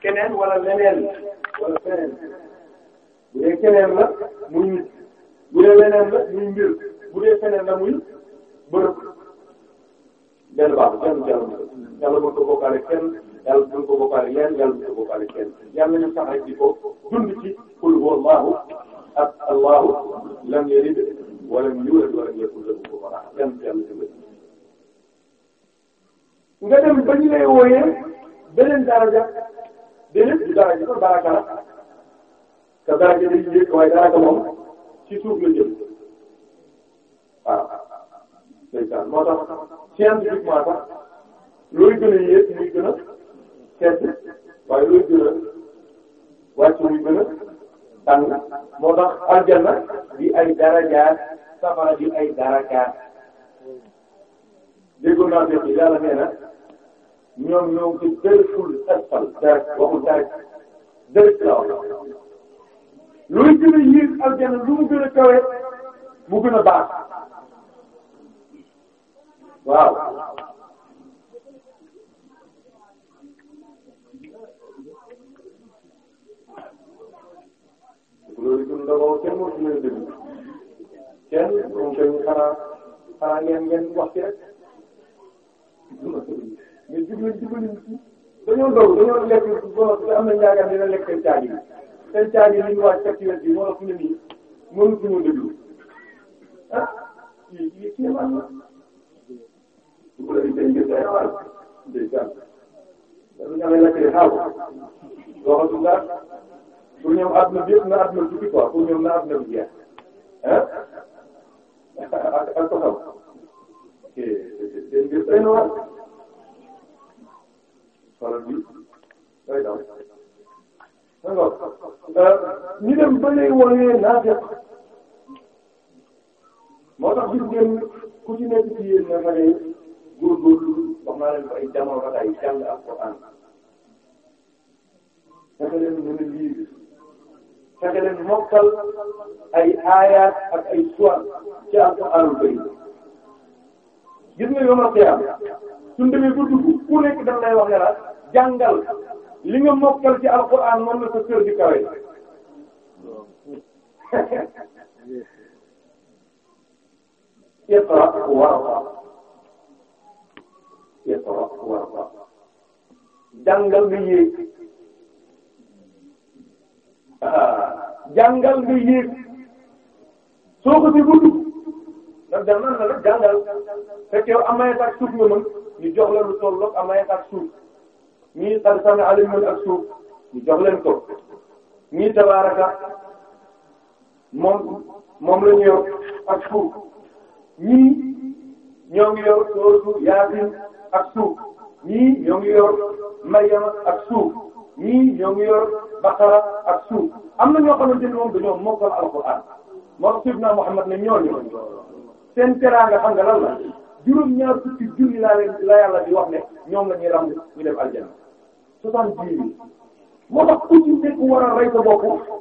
keneen wala leneen wala feneen bu dee keneen la muy nit bu dee leneen la muy mbir bu dee feneen la muy bërëb benn baax benn jàll yàlla bu ko bokkaale kenn yàlla bu ko bokkaale leen yàlla bu ko bokkaale kenn yàlla ñu sax rek di ko dund ci qul huwallahu ak allahu lam yalid wa lam yulad wa lam yakul lahu kufuwan ahad benn jàll nga dem ba ñu lay wooyee beneen daraja déedéet du daraja sax baraka la te daraja day yéeg waaye daraja moom ci suuf la jëm waaw. ndeysaan moo tax scientifiquement sax looy gën a yéeg muy gën a tedd waaye looy gën a wàcc muy gën a tàng moo tax aljanna di ay darajaat safara di ay darajaat déggoon naa dégg yàlla nee na. ñoom ñoo ngi ko jël ful sàttal dara waxul dara dara la wax luy gën a yéeg aljana lu mu gën a kawe mu gën a baax waaw loolu itam dama kenn moo ci leen déglu kenn moom tamit xanaa xanaa ngeen ngeen wax mais jublu jublu dañoo doon dañoo lekk ba am na ñaareel dina lekk seen caag yi seen caag yi li ñu wàcc fekk yéen fii moo ëpp ne nii mënu fi mu déglu ah lii lii kii la la su ko defee dañuy def ay xaal day jàpp dafa ñaareel ak ay xaal waxatul daal pour ñoom àdduna bi yëpp na àdduna tukki quoi pour ñoom na àdduna bi jeex ah ak ak ko xaw ok dégg nga day na waat. wala bii day daw d'accord ñu moo tax gis ngeen ku ci nekk ci yéen nga xam ne góorgóorlu wax naa ay jamono ak ay jàng leen mën a lire fexe leen mokkal ay aayaat ak ay suwaat ci alxuraanul karim gis nga yow ma xiyam suñ demee ba dugg ku nekk dañ lay wax ne jàngal li nga mokkal ci alquran mën na ko kër di kawe iqra warqa iqra warqa jàngal nga yéeg ah, jàngal nga yéeg soo ko si gudd ndax na la jàngal fekk yow amay suuf nga mën ñu jox la lu toll ak amay tax suuf ñii qad sami'a liman ak suuf ñu jox leen ñii tabaaraka moom moom la ñu yor ak suuf ñii ñoo ngi yor ak suuf ñii ñoo ngi yor maryama ak suuf ñii ñoo ngi yor baqara ak suuf am na ñoo xamante ne moom dañoo mokkal alquran moom Sidna Muhammad ne ñooñu seen teraanga xam nga lan la. juróom-ñaar fukki junni laa la yàlla di wax ne ñoom la ñuy ràmb ñu dem aljana soixante-dix mille moo tax ku ci nekk a rey sa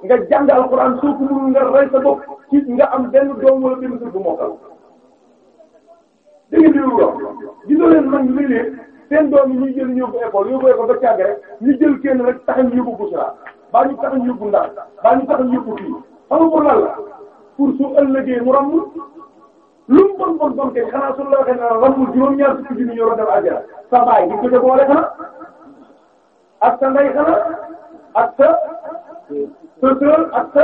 nga jàng alxuraan soo ko mënul nga rey sa bopp ci nga am benn doom wala benn suuf bu mokkal dégg nga li mu wax gisoo seen doom yi ñuy jël ñëw ba école yóbbu école ba càgg rek ñu jël kenn rek taxañ yóbbu Bouchra baa ñu taxañ yóbbu Ndar baa ñu taxañ yóbbu fii xam nga pour pour su ëllëgee mu ràmm lu mu bon bon bon kay xanaa suñu la waxee naan ràmbul juróom-ñaar fukki junni ñoo def àjjana sa baay di ko ca boole xanaa ak sa ndey xanaa ak sa sa sœur ak sa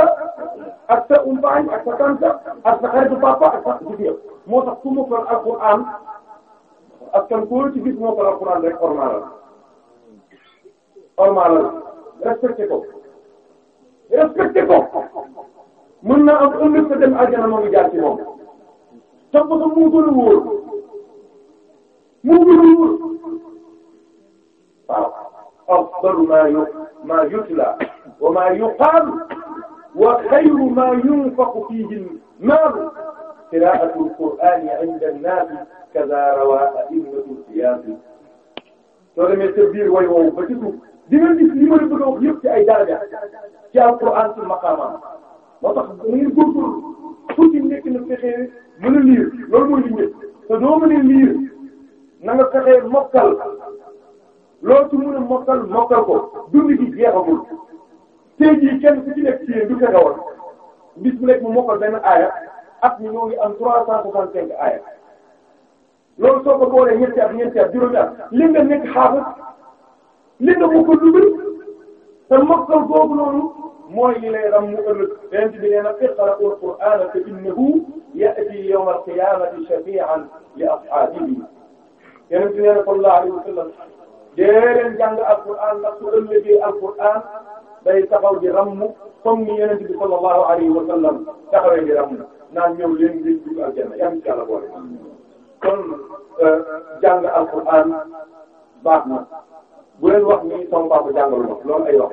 ak sa umpaañ ak sa tante ak sa xaritu papa ak sa jigéen moo tax ku mu faral alquran ak kan koo ci gis moo faral alquran rek ormalal ormalal respecté ko respecté ko mën na am ëllëg sa dem àjjana moo ngi jaar ci moom. tax ba moo gën a wóor moo gën a wóor waaw afdalu maa yu maa yutla wa maa yuqaalu wa xayru maa yunfaqu fiihi al-maalu qiraa'atu al-qur'aani 'inda an-naas kazaa rawaa a'immatu al-siyaas soo demee sa biir way woowu ba ci suuf di nga gis li ma la bëgg a wax yëpp ci ay daraja ci al-qur'aan ci maqaamaam moo tax mu ngi góorgóorlu tuuti nekk na fexe mën a liir loolu mooy liggéey te doo mën a liir na nga mokkal loolu ci mën a mokkal mokkal ko dund gi jeexamul tey jii kenn ku ci nekk ci yéen du fexe woon bis bu nekk mu mokkal benn aaya at mi ñoo am trois cent soixante cinq aaya loolu soo ko boolee ñetti at ñetti at juróomi at li nga nekk xaaral li nga mokkal lu bëri te mokkal boobu noonu. mooy li lay ram mu ëllëg yonent bi nee na iqra'u al-qur'ana fa innahu ya'ti yawma al-qiyamati shafi'an li ashaabihi yonent bi nee na sallallahu alayhi wa sallam dee leen jàng al-qur'an ndax su ëllëgee al-qur'an day taxaw di ram comme bi sallallahu alayhi wa sallam taxawee di ram naan ñëw leen ngeen dugg aljanna yam ci yàlla boole kon euh, jàng al-qur'an baax na bu leen wax ni ay wax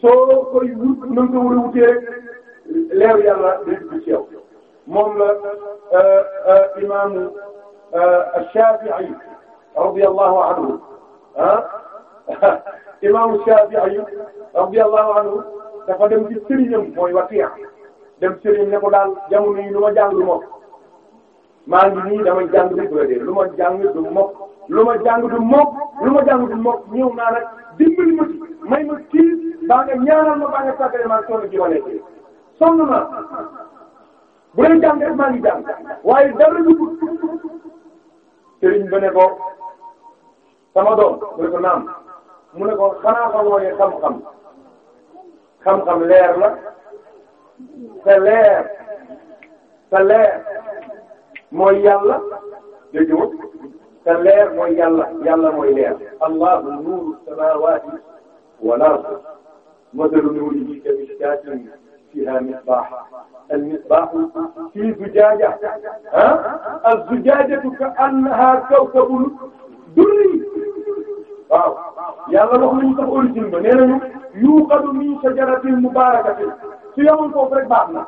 soo koy wut na nga ko war a wutee rek leeru yàlla nekk ci yow moom la euh, euh, imaamu euh, Shaafi'i radiyallahu anhu ah imaamu Shaafi'i radiyallahu anhu dafa dem ci sëriñam mooy Wakiya dem sëriñ ne ko daal jamono yi lu ma jàng lu mokk maa ngi nii damay jàng du bëre lu ma lu ma jàng du mokk lu ma jàng du mokk ñëw naa nag. dimbali ma may ma kii baa nga ñaanal ma baa nga saa benn maa sonn ci wàllu ji sonn naa bu leen jàng rek maa ngi jàng waaye dara du ko sëriñ ba ne ko sama doom mu ne ko naam mu ne ko xanaa xamoo ne xam-xam xam-xam leer la te leer te leer mooy yàlla dégg nga te leer mooy yàlla yàlla mooy leer allahu nuuru samaawaati wal ard masalu nuurihi kamiscaatin fiihaa misbaax almisbaaxu fii zujaaja ah azzujaajatu ka annahaa kawkabun durri waaw yàlla wax nañu sax origine ba nee nañu yuuqadu min sajaratin mubaarakatin su yemoon foofu rek baax na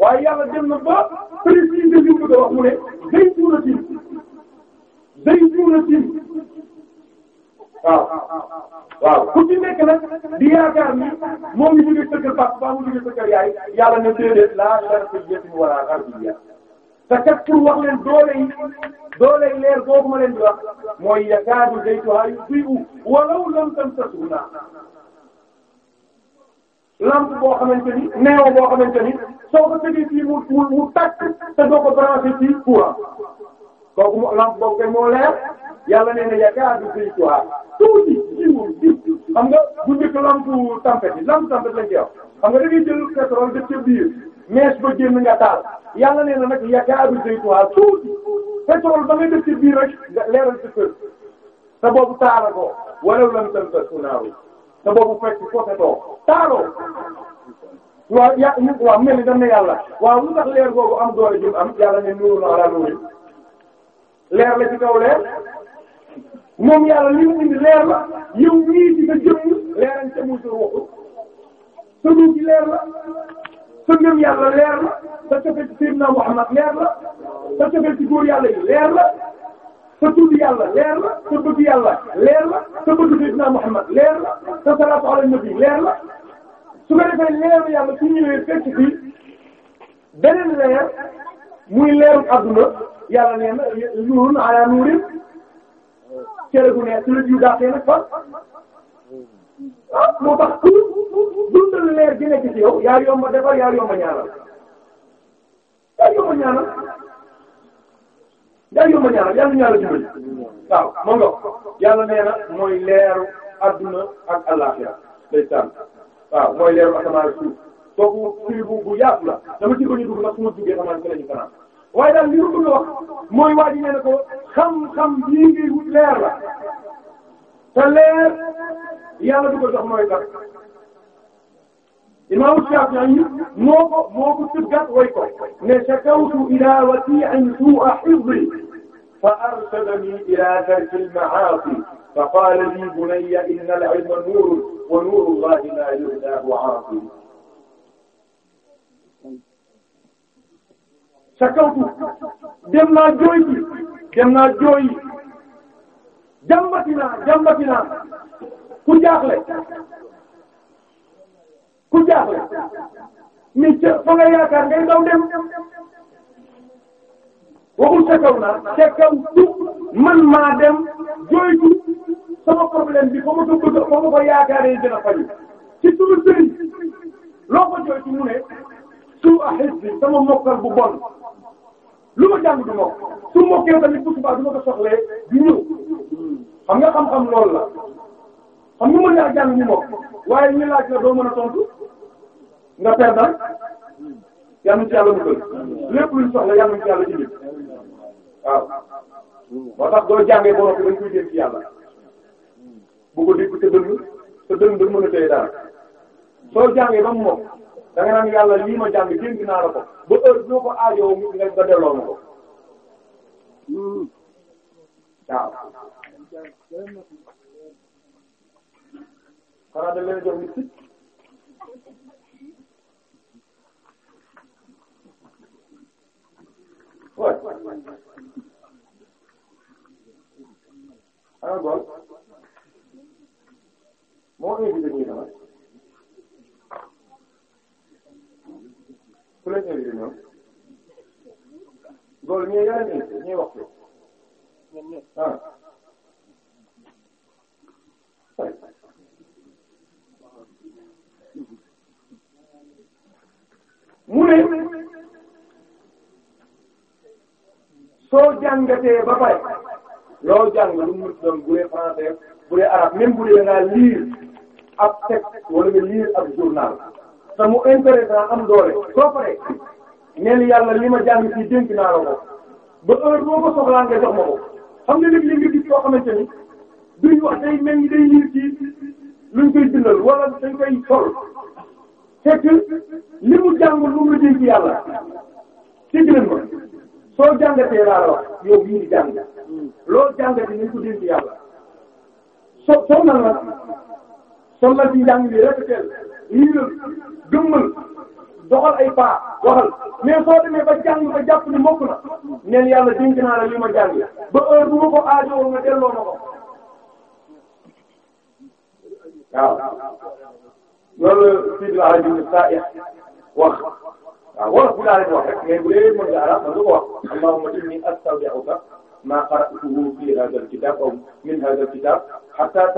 waaye yàlla dem na ba préciser li mu bëgg a wax mu ne zaytuunatin day ñuul a tiim waaw waaw ku ci nekk nag di yaakaar ni moom mi jógee sa kër papa ba mu jógee sa kër yaay yàlla ne déedéet laa sharqi yatim wala gharbi te kat pour wax leen doole yi doole yi leer boobu ma leen di wax mooy yakaadu zaytuha yudhi'u walaw lam tamsashu naar lampe boo xamante ni néew boo xamante ni soo ko tëjee fii mu mu mu tàkk te doo ko branché ci courant kooku moo lampe boobu kay moo leer yàlla nee na yaakaar du béy quoi tuuti jiwul jiw xam nga bu njëkk lampe tempête bi lampe tempête lañ koy wax xam nga da ngay jël pétrole def ca biir mees ba génn nga taal yàlla nee na nag yaakaar du béy tuuti pétrole ba nga def ca biir rek leeral sa kër te boobu taala ko wala lam tempête su naaw te boobu fekk côté too taaloo ya waaw mel ni dam ne yàlla waaw lu tax leer boobu am doole jëm am yàlla ne nuuru na ala nuuru leer la ci kaw leer moom yàlla li mu indi leer la yow mii di nga jëm leeral ca muy sa ruux sa ruux gi leer la sa ngëm yàlla leer la sa cofeel ci Seydina Muhammad leer la sa cofeel ci góor yàlla yi leer la sa tudd yàlla leer la sa bëgg yàlla leer la sa bëgg Seydina Muhammad leer la sa salaatu ala nabi leer la su ko defee leeru yàlla su ñëwee fekk fii beneen leer muy leeru adduna yàlla nee na nuurun ala nuurin cere gu ne cere yu dàqee nag fan ah moo tax pour dundal leer gi nekk ci yow yaa yomba defar yaa yomba ñaanal yaa yomba ñaanal yaa yomba ñaanal yàlla ñaanal jubal waaw ma nga yàlla nee na mooy leeru adduna ak àllaxira day tànn waaw mooy leeru asamaan suuf kooku prix bu bu yaatu la dama ci ko ñu dugg nag su ma duggee xamaa ne fa la ñu fanaan waaye daal li rëbb wax mooy waa ji nee na ko xam-xam bii ngi wut leer la te leer yàlla du ko jox mooy tax imaamu Shaafi'i moo ko moo ko tëggat way ko ne shakawtu ilaa watii'in suu'a hifdhi fa arshadanii ilaa tarki al-ma'aasi fa qaala lii bunayya inna al-'ilma nuurun wa nuuru Llaahi laa yuzlaahu 'aafii sa kaw dem naa jooy ji dem naa jooy yi naa jàmbati naa ku jaaxle ku jaaxle mais fa nga yaakaar ngay daw dem waxul ca naa ca tu man maa dem jooytu sama problème bi fa ma ko bëgg fa ko yaakaaree gën a faju ci sunu sëriñ loo ko jooytu mu ne su ahibbi sama mokkal bu bon lu ma jàng du ma su mokkee tamit bu subaa du ma ko soxlee du ñëw xam nga xam-xam loolu la xam nga mën naa jàng ñu mokk waaye ñu la doo mën a tontu nga perdal yàlla ci yàlla mu gën lépp luñ soxla yàlla ci yàlla indi waaw moo tax doo jàngee borom bi dañ koy jëm ci yàlla bu ko dégg sa dënd sa dënd mën a téye dara soo jàngee ba mu mokk da nga naan yàlla lii ma jàng dégg naa la ko ba heure bi ma ko aajoo mu nga nga delloo ma ko waaw. xanaa da leen jox nit ki waaw. xanaa bool moo invité ñu ku leen invité ñoom loolu ñooy yeneen soo jàngatee ba loo jàng lu mu doon bu dee français bu dee arabe même nga lire ab texte wala nga lire ab journal. te mu intéressant am doole soo paree neen yàlla li ma jàng ci dénk naa la ko ba heure boo ko soxlaa nga jox ma ko xam nga léegi nga gis yoo xamante ni duñ wax day mel ni day liir ci luñ koy bindal wala dañ koy sol fekk li mu jàngul lu mu la dénk yàlla dégg nañ ma soo jàngatee laa la wax yow mii di jàng loolu jàngate ni dénk yàlla so soo nan la son la ci njàng bi répéteel liiral gëmmal doxal ay pas waxal mais soo demee ba jàng ba jàpp ni mokk na neen yàlla dénk naa la li ma jàng ba heure bu ma ko aajowoo nga delloo ma ko waaw loolu di la rajo saa wax waaw wala bu daal di wax rek mais bu dee mën nga arab man du ko wax allahumma inni ما قرأته في هذا الكتاب أو من هذا الكتاب حتى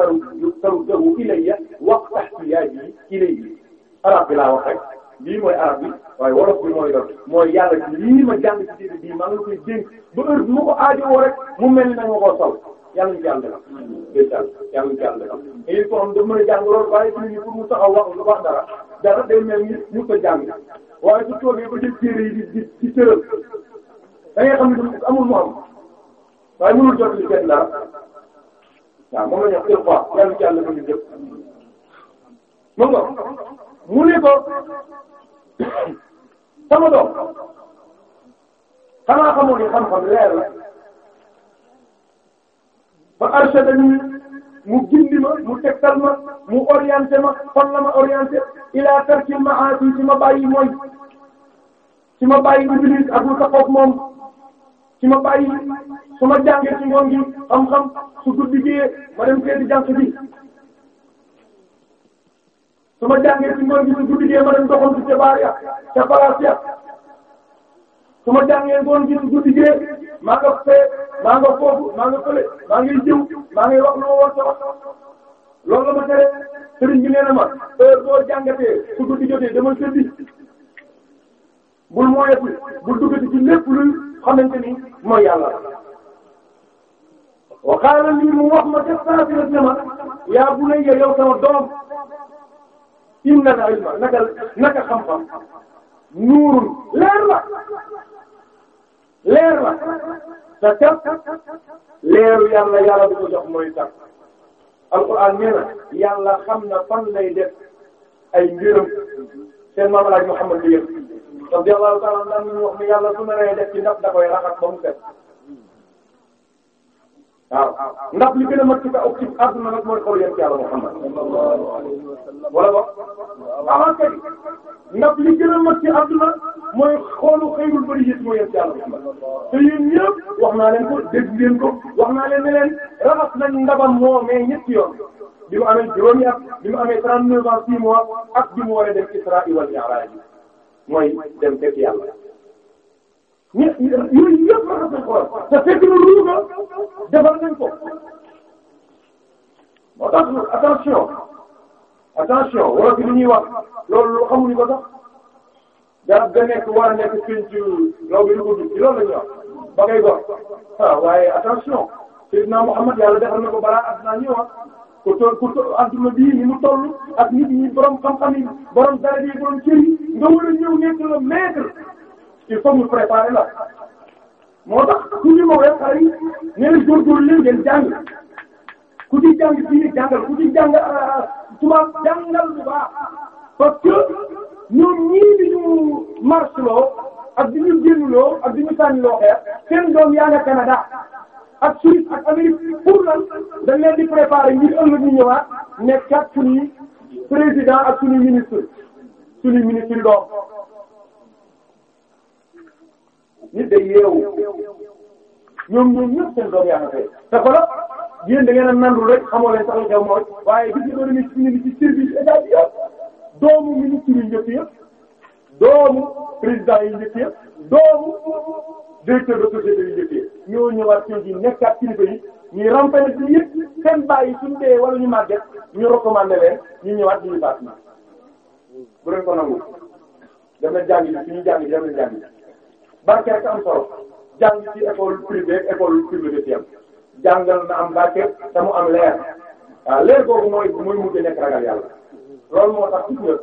ترده إلي وقت احتياجي إليه arab bi laa wax rek lii mooy arab bi waaye wolof bi mooy doon mooy yàlla lii ma jàng ci téere bii maa ngi koy dénk ba heure bu ma ko aajowoo rek mu mel ni nag ma koo sol yàlla ñu jàll defal. déedéet yàlla ñu jàll defal te it kon dafa mën a jàng lool waaye fi mu pour mu taxaw wax lu wax dara dara day mel ni ñu ko jàng waaye su toogee ba jël téere yi di di di tëral da ngay xam ne amul mu am. waaye mënul jot li seet dara waaw moom la ñu wax une fois yàlla ci àll ba ñu jëm mën nga mu ne ko sama doom xanaa xamoon ni xam-xam leer la ba arshadani mu gindi ma mu tegtal ma mu orienté ma fan la ma orienté ila tarkil ma'asi ci ma bàyyi mooy ci ma bàyyi iblis ak lu taxaw moom. su ma bàyyi su ma jàngee ci ngoon gi xam-xam su guddi gi ma dem seeti jànku bi su ma jàngee ci ngoon gi su guddi gi ma dem doxantu ca baar ya ca palaas ya su ma jàngee ngoon gi su guddi gi maa nga fee maa nga foofu maa nga fële maa ngi jiw maa ngi wax lu ma war sa wax ma tere sëriñ bi nee na ma heure boo jàngatee su guddi jotee dama sëddi bul moyeeku bul duggati ci lépp luy xamante ni mooy yàlla wa qaala lii mu wax ma destafira ne ma yaa bunayya yow sama doom inna al xam-xam nuurun leer la leer la te teg leeru yàlla yàlla du ko jox mooy tax alquran nee na yàlla xam na fan lay def ay mbiram seen maam laaj Muhammad bi yëpp radiyallahu ta'ala daan nañu wax ni yàlla su naree def ci ndab da koy raxas ba mu set waaw ndax li a mat ci kaw ci àdduna nag mooy xol yéen ci yàlla Muhammad wala wax avant kay ndax li gën a mat ci àdduna mooy xoolu xëyrul bari yëpp mooy yéen ci yàlla Muhammad te yéen wax naa leen ko dégg leen ko wax naa leen ne leen raxas nañ ndabam moo mais ñetti yoon bi mu amee juróomi at bi mu amee 39 ans ak bi war a def Isra wal Mi'raj mooy dem fekk yàlla ñett yooyu yëpp la ko xool te fekk na ruuga defal nañ ko moo tax attention attention wala fi ñuy wax loolu xamuñu ko sax garab ga nekk war a nekk peinture law bi ko dugg ci loolu la ñuy wax ba ngay gor ah waaye attention Seydina Muhammad yàlla defal na ko balaa at naa ñuy wax. ku toll ku toll adduna bii ni mu toll ak nit ñi borom xam yi borom dara yi borom cër nga war a ñëw nekk le maître il faut ñu la moo tax ku ñu mawee xale yi nee na góorgóorlu leen ngeen jàng ku ci jàng fii ku ci jàng ah, ah, ah, tubaab jàngal bu baax parce que ñoom ñii di ñu marche loo ak di ñu génn loo ak di ñu sànni loo xeer seen doom yaa nga Canada. ak Suisse ak Amérique pour lan dañ leen di préparer ngir ëllëg ñu ñëwaat nekkat suñuy président ak suñuy ministre suñuy ministre yi nit day yeewu ñoom ñoom ñëpp seen doom yaa nga fee te fala yéen da ngeen a nandul rek xamoo leen sax lu xew waaye gis nga doon ñu ngi ci service bi yëpp doomu ministre yi njëkk doomu président yi njëkk doomu directeur de société yu njëkkee ñoo ñëwaat coow ji nekkaat kilifa yi ñuy remplir nag bi yëpp ñu màgget ñu recommandé ñu ñëwaat ñu ñu baax na bu leen ko nangu dem na jàngi bi suñu am solo jàng ci école privée école publique ci am jàngal na am barke te mu am loolu moo tax gis nga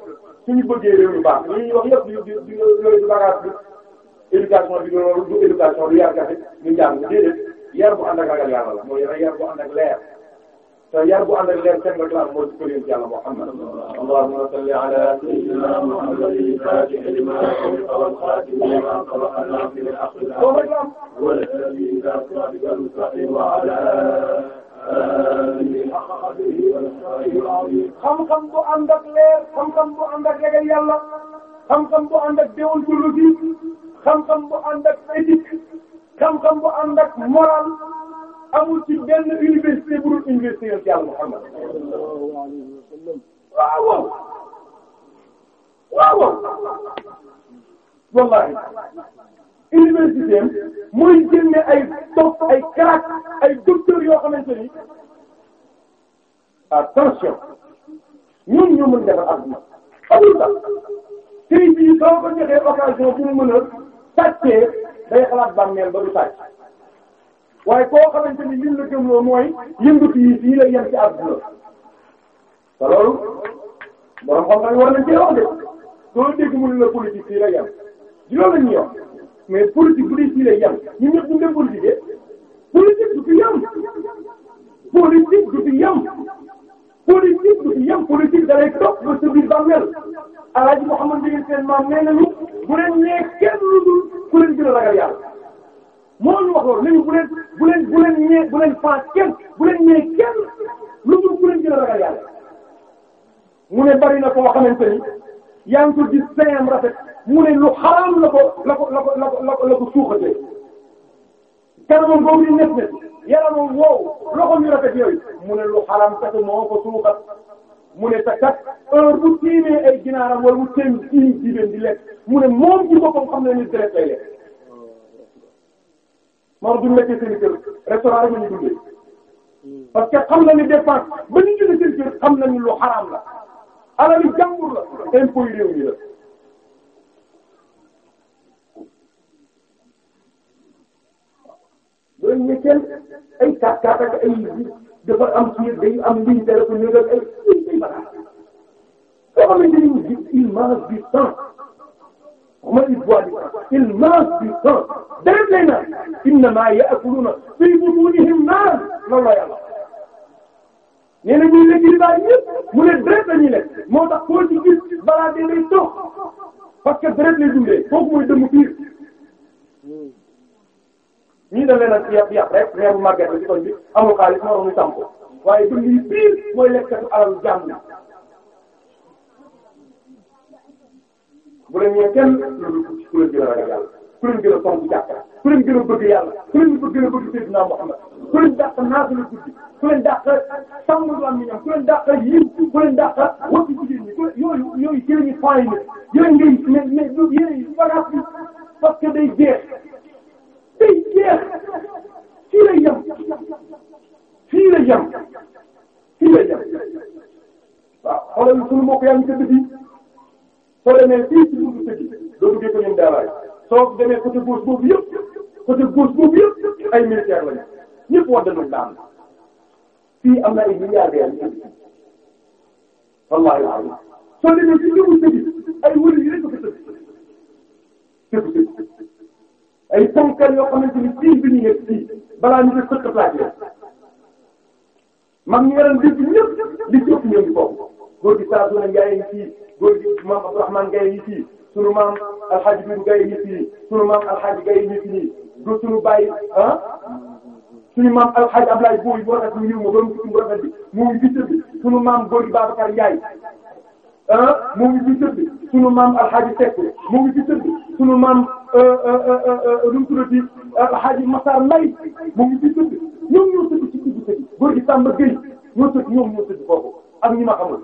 suñu bëggee réew yu baax li ñuy wax yëpp di di bi éducation bi loolu du éducation du yar gàcce ñu jàng déedéet yar bu ànd ak ragal yàlla la mooy yar bu ànd ak leer te yar bu ànd ak leer seen réclame mooy ci yonent yàlla Muhammad allahumma salli ala sayyidina Muhammad al-fatihi lima ughliqa wal khatimi lima sabaqa nasir al-haqqi wal-hadi ila siratika al-mustaqim wa ala alihi haqqa qadrihi wa miqdarihi al-azim xam-xam bu ànd ak leer xam-xam bu ànd ak ragal yàlla xam-xam bu ànd ak déwul xam-xam bu ànd ak éthique xam bu ànd moral amul ci benn université bu dul université yooyu Muhammad waaw wallahi université am mooy génne ay dof ay crack ay docteurs yoo xamante ni attention ñun ñu mën defar àdduna amul soo ko joxee occasion pour mu sàccee day xalaat bàmmeel ba du sàcc waaye koo xamante ni liñ la gëmloo mooy yëngatu yi fii lay yem ci àdduna te loolu borom xam-xam war nañ cee de doo dégg la politique fii lay yem juróom lañ ñuy wax mais politique bu dee fii yem ñun ñëpp ñu ngi leen politique politique fi yem politique du fi yem. politique du yem politique da lay topp ba sa biir bàmmeel alaaji Mouhamad Ndieguène seen maam nee nañu bu leen nee kenn lu dul ku leen gën a ragal yàlla moo ñu wax loolu nañu bu leen bu leen bu leen nee bu leen faat kenn bu leen nee kenn lu dul ku leen gën a ragal yàlla mu ne bari na koo xamante ni yaa ngi ko gis seen rafet mu ne lu xaraam la ko la ko la ko la ko la ko suuxatee kanamam boobu di nekk yaramam wow loxo ñu rafet yooyu mu ne lu xaram katu moo ko suuxat mu ne te kat bu tiimee ay ginaaram wala bu seen tiim jigéen di lekk mu ne moom ci boppam xam ne ni deret lay lekk Maodo du nekkee seen kër restaurant rek la ñu dundee parce que xam na ni dépense ba ñu jëlee seen kër xam na ni lu xaram la alal jàmbur la impôt réew loolu ñetteel ay kat kat ak ay am kii dañu am ligne téléphone ñu def ay ay ay bagages soo bi il mange du temps mooy il boit du temps il mange du temps beneen lay naan innamaa ya'kuluuna fii butuunihim la yàlla nee na ñuy lekk li baax ñëpp ne deret la ñuy lekk moo tax koo gis balaa dee lay dox parce que deret lay ñii dañ leen a yab yab rek reeru màgget la ci koñ bi amul xaalis moo tax ñu samp waaye dund yi biir mooy lekkatu alalu jàmm bu leen ñëwee kenn loolu ku leen gën a ragal yàlla ku leen gën a fonk jàkka ku leen gën a bëgg yàlla ku leen gën a bëgg Seydina Muhammad ku leen dàq naata la guddi ku leen dàq sàmm la am ñoom ku leen dàq yiw ku leen dàq wëpp jigéen ñi yooyu yooyu ci la ñuy point yi yooyu ngay mais mais yooyu bagage bi parce que day jeex day jeex fii la yem fii la yem fii la yem waaw xoolal sunu mbokk yaa ngi tëdd fii soo demee fii ci suufu tëdd doo duggee commune Daaraay soo demee côté gauche boobu yëpp côté gauche boobu yëpp ay militaires lañu ñëpp war nañu daan fii am na ay milliardaires yu tëdd wallaahi waaw soo demee ci suufu tëdd ay wëri yi rek ko tëdd tëdd ay ponkal yoo xamante ni sii bi ñu nekk sii balaa ñu def sëkk plaqué mag ñi waroon dégg ñëpp li jëpp ñoom ñu bokk góor gi saa su ne Ngaye yi fii góor gi maam Abdourahmane Ngaye yi fii sunu maam Alxaaji Biru Ngaye yi fii sunu maam Alxaaji Ngaye yi fii du sunu bàyyi ah sunu maam Alxaaji Ablaye Boye boo xam ne ñu ma ba mu tudd mu rafet bi mu ngi gis bi sunu maam góor gi Babacar Ndiaye ah mu ngi ci tëdd sunu maam alxaaji Seck mu ngi ci tëdd sunu maam lu euh, euh, euh, mu tuddati alxaaji Massar Mbaye mu ngi ci tëdd ñoom ñoo tëdd ci tëdd tëdd góor gi Samba Gueye ñoo tëdd ñoom ñoo tëdd foofu ak ñi ma xamul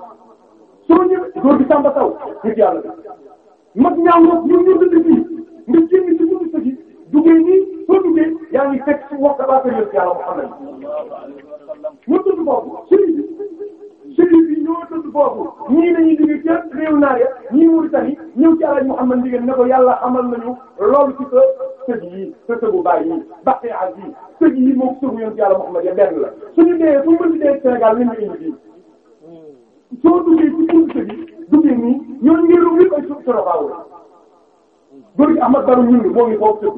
soo ñëwee góor Samba Taw ngir yàlla bi mag ñaaw nag ñoom ñoo tëdd fii nga génn ci suñu sëg yi duggee nii soo duggee yaa ngi fekk ci wax dëgg yàlla Muhammad ñoo tëdd foofu sëriñ bi ñoo tëdd foofu ñii dañuy jóge ca réew naar ya ñii Mauritanie ñëw ci alaaj Muhammad Ndieguène ne ko yàlla amal nañu loolu ci sa sëg yi sa sëgu baay yi baqi ak yi sëg yi moom sëgu yoon ci yàlla Muhammad ya benn la suñu dee fu mën di dee Sénégal lañ ñu indi fii soo duggee ci suñu sëg yi duggee nii ñooñu ngir lépp ay suuf torobaaw la góor gi Ahmad Baru ñun moo ngi foofu sëg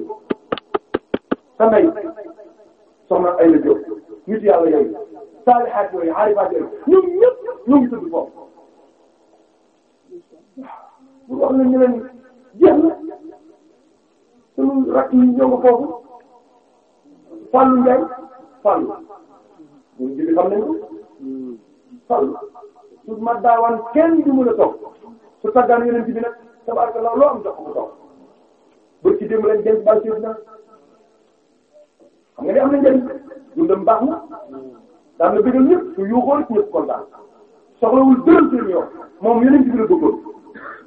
sa ndey soxna ay la jóg nit yàlla yooyu saalihaat yooyu aarifaat yooyu ñoom ñëpp ñoo ngi tudd foofu bu wax na ñu leen jeex na sunu rakk yi ñoo nga foofu Fallou Ndiaye Fallou ñun jibi xam nañ ko Fallou su ma daawaan kenn du mën a toog su taggaan yeneen ci bi nag tabarakallah loo am jox ko toog ba ci démb lañ denc bàyyi si na xam nga ne am na njëriñ dundam baax na daan na bëggal ñëpp su yuuxoon ñëpp kontaan soxlawul dërëm seen yoon moom yeneen ci bi la bëggoon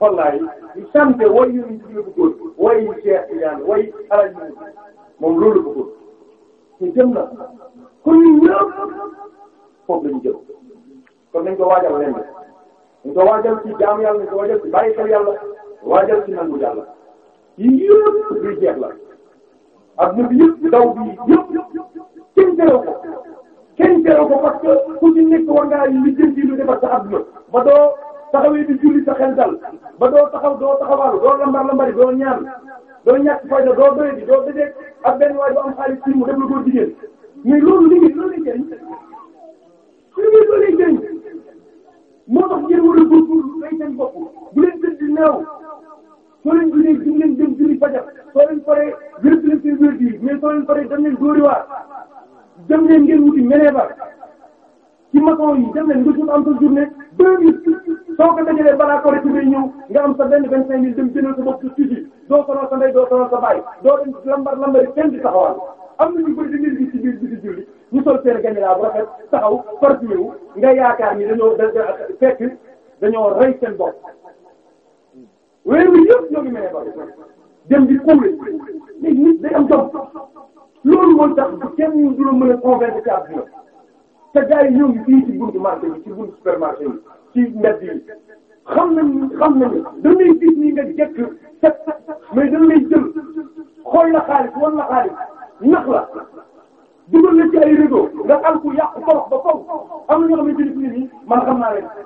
wallaay ñu sant way yeneen ci bi la bëggoon way Cheikh Tidiane way alal ñu moom loolu la bëggoon ñu jëm na kon ñu ñëpp foofu la ñu jëm kon nañ ko waajal leen nañ ko waajal ci jaam yàlla nañ ko waajal ci bàyyi xel yàlla waajal ci nangu yàlla yii yëpp luy jeex la adduna bi yëpp bi kenn teew ko parce que ku ci nekk war ngaa li jëm ci lu defar sa adduna ba doo taxawee di julli sa xel dal ba doo taxaw doo taxawaalu doo lambar lambari doo ñaan doo ñàkk fayda doo doye di doo dëgg ak benn waay bu am xaalis ci mu def la ko jigéen mais loolu liggéey loolu lay jëriñ liggéey loolu lay jëriñ moo tax ngeen war a góorgóorlu fay seen bopp bu leen tëdd di naaw soo leen dem leen ngeen wuti meneebal ci maçon yi nga jot am sa journée deux mille soo ko dajalee balaa ko rek ngay ñëw nga am sa benn vingt cinq mille dem jëndal sa bopp sa tuuti doo sonal sa ndey doo sonal sa baay doo dem lambar lambari kenn di taxawal am na ñu bëri da ngeen gis ci biir bi di julli ñu sol seen ganilaa bu rafet taxaw parfumé wu nga yaakaar ni dañoo da fekk dañoo rey seen bopp weer wi yëpp ñoo ngi menee ba dem di kuule léegi nit day am jom loolu mooy tax kenn du la mën a convaincre ci àdduna te gars yi ñoo ngi fii ci buntu marché yi ci buntu supermarché yi ci mbedd yi xam nañ xam nañu dañuy gis a nga jekk set mais dañ lay jël xool la xaalis wan xaalis nax la dugal la ci ay réseau nga al ku yàqu torox ba faw am na ñoo xamante ni nit ñi man xam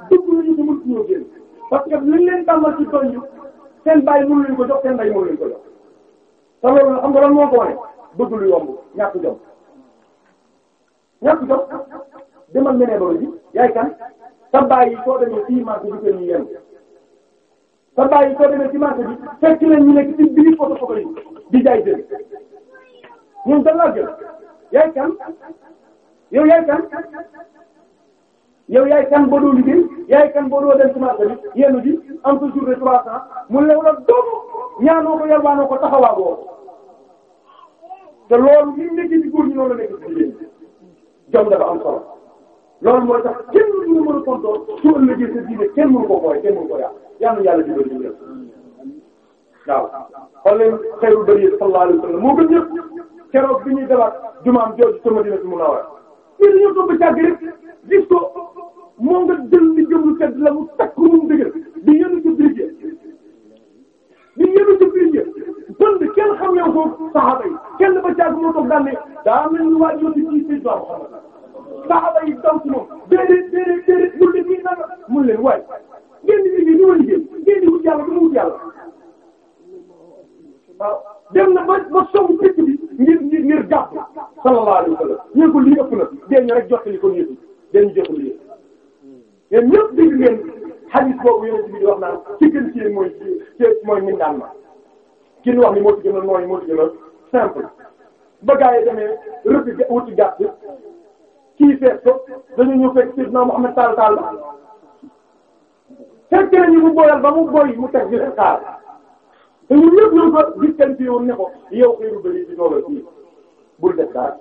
ko mënut ñoo génn parce que liñ leen ko jox seen bàyyi mënu leen ko jox loolu moo ko bëgg lu yomb ñàkk jom ñàkk jom demal meneen ji yaay kan sa bàyyi soo demee ci marché bi ko ñu yenn sa bàyyi soo demee ci marché bi fekk na ñu nekk ci biir photo photo yi di jaay jël ñun da laa jël yaay kan yow yaay kan yow yaay kan boo doo liggéey yaay kan boo doo dem ci marché bi yenn ji am sa jour de trois cents mu lew la ñaanoo ko yalwaanoo ko taxawaaboo te loolu li nekk ci góor ñi noonu la nekk ci jigéen jom dafa am solo loolu mooy tax kenn mënu mën a kontoon su ëllëgee sa kenn mënu ko booy kenn mënu ko yàq yàlla na yàlla digal ñu waaw xool leen xayru bari sallallahu alayhi wa sallam moo gën ñëpp keroog bi ñuy dalaat jumaam jooju moo nga jël di jëm la mu takk di yëngu ci biir di yëngu ci bën bi kenn xam ne ko saxaba yi kenn ba caag mu toog daan ne daa mel ni waa yoon ci ci dox saxaba yi daw ci moom déedéet déedéet déedéet bul de kii nanga mun leen waaye ngeen di liggéey ni ma liggéey ngeen di wut yàlla du ma wut yàlla waaw dem na ba ba song picc bi ngir ngir ngir jàpp sallallahu alayhi wa sallam ñu ko lii ëpp na dee ñu rek jottali ko ñëpp dee ñu jottali yëpp yéen ñëpp dégg ngeen xadiis boobu yéen bi di wax naan ci gën ci mooy ci mooy mindaan ma ki ñu wax ni gën a nooy moo ci gën a simple ba gaa yi demee wuti gàtt kii feet ko dañu ñu fekk Seydina Muhammad taal taal ba fekk nañu mu boyal ba mu boy mu teg gis xaar dañu ñëpp ñu ko gis kan fii woon ne ko yow xëy na bëri ci bul def daal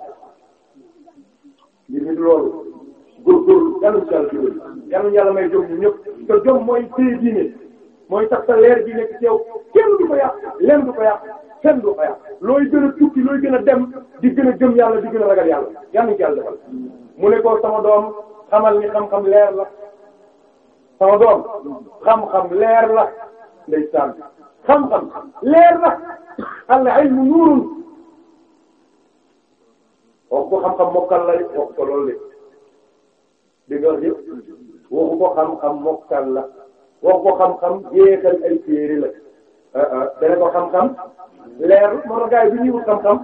ngir nit loolu góorgóorlu yàlla ci yàlla ci jom ñu ñëpp te jom mooy téye diine mooy tax sa leer bi nekk ci yow kenn du ko yàq lenn ko yàq kenn ko yàq looy gën a tukki looy gën a dem di gën a gëm yàlla di gën a ragal yàlla yàlla yàlla ni xam-xam leer la sama xam-xam leer la ndeysaan xam-xam leer la al ko xam-xam mokkal la wax ko loolu di nga wax ko xam-xam mokkal la wax ko xam-xam yéexal ay téere la ah, ah, dana ko xam-xam leer moo tax bi ñuy wut xam-xam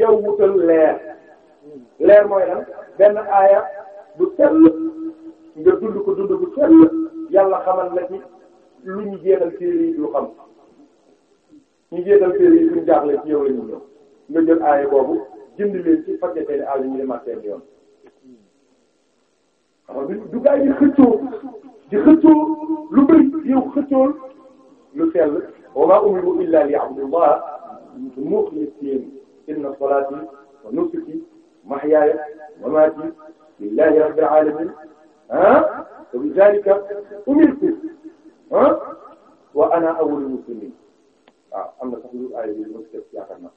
yow wutal leer leer mooy lan benn aaya bu sell nga dund ko dund bu sell yàlla xamal la ci lu ñu jeexal téere yi lu xam ñu jeexal téere yi duñ jaaxle ci yow la nga jël aaya boobu jënd leen ci fajja seen aaju ñu ne marché yoon du gaa yi xëccoo di xëccoo lu bëri yow xëccool lu sell wa maa umiru illa liya'budullaha muxlisiina inna salaati wa nusuki mahyaaya wa mamaati lillahi rabbil aalamiin ah wa bi zaalika umirtu ah wa ana awwalul muslimiin waaw am na sax lu aay bi mos def yaakaar naa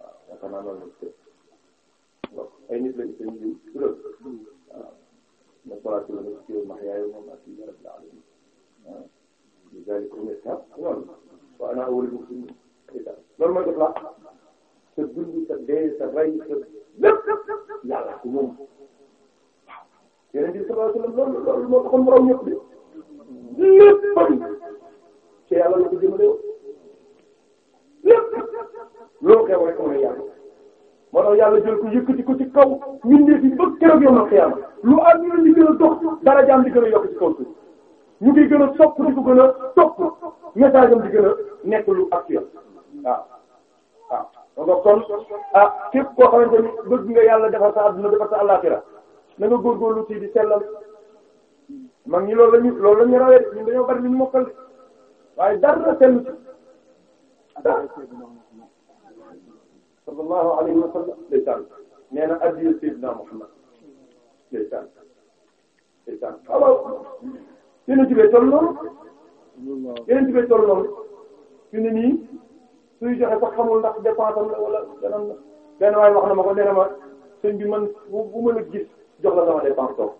waaw yaakaar naa loolu mos def ay nit lañu seen jiw waaw. والصلاة والنسك والمحيا والممات لله رب العالمين ذلكم الإسلام وأنا أول المسلمين loolu mooy def la sa dund sa dee sa rey sa lépp yàlla ko moom waaw yeneen bi sallallahu alayhi wasallam loolu loolu moo taxoon mu raw ñëpp de lépp bari ci yàlla la ko jëmale lépp loo xew rek mooy yàlla moo tax yàlla jël ko yëkkati ko ci kaw ñun ñëpp ñu bëgg keroog yombal xiyaama lu am ñu gën a dox dara jaam gën a yokk ci kaw suuf ñu ngi gën a topp di ko gën a topp message am di gën a nekk lu actuel waaw. waaw donc kon ah képp koo xamante ni bëgg nga yàlla defar sa àdduna defar sa àllaaxira na nga góorgóorlu ci di sellal mag ñi loolu la ñu loolu la ñu rawee ñun dañoo bari lu ñu mokkal waaye dara sell sallallahu alayhi wa sallam ndeysaan nee na addiya sayyidina Muhammad ndeysaan ndeysaan alors yéen jubee toll noonu yéen jubee toll noonu suy joxe sax xamul ndax dépense wala danam la benn na ma ko nee na ma man bu bu mën a gis jox la sama dépense toog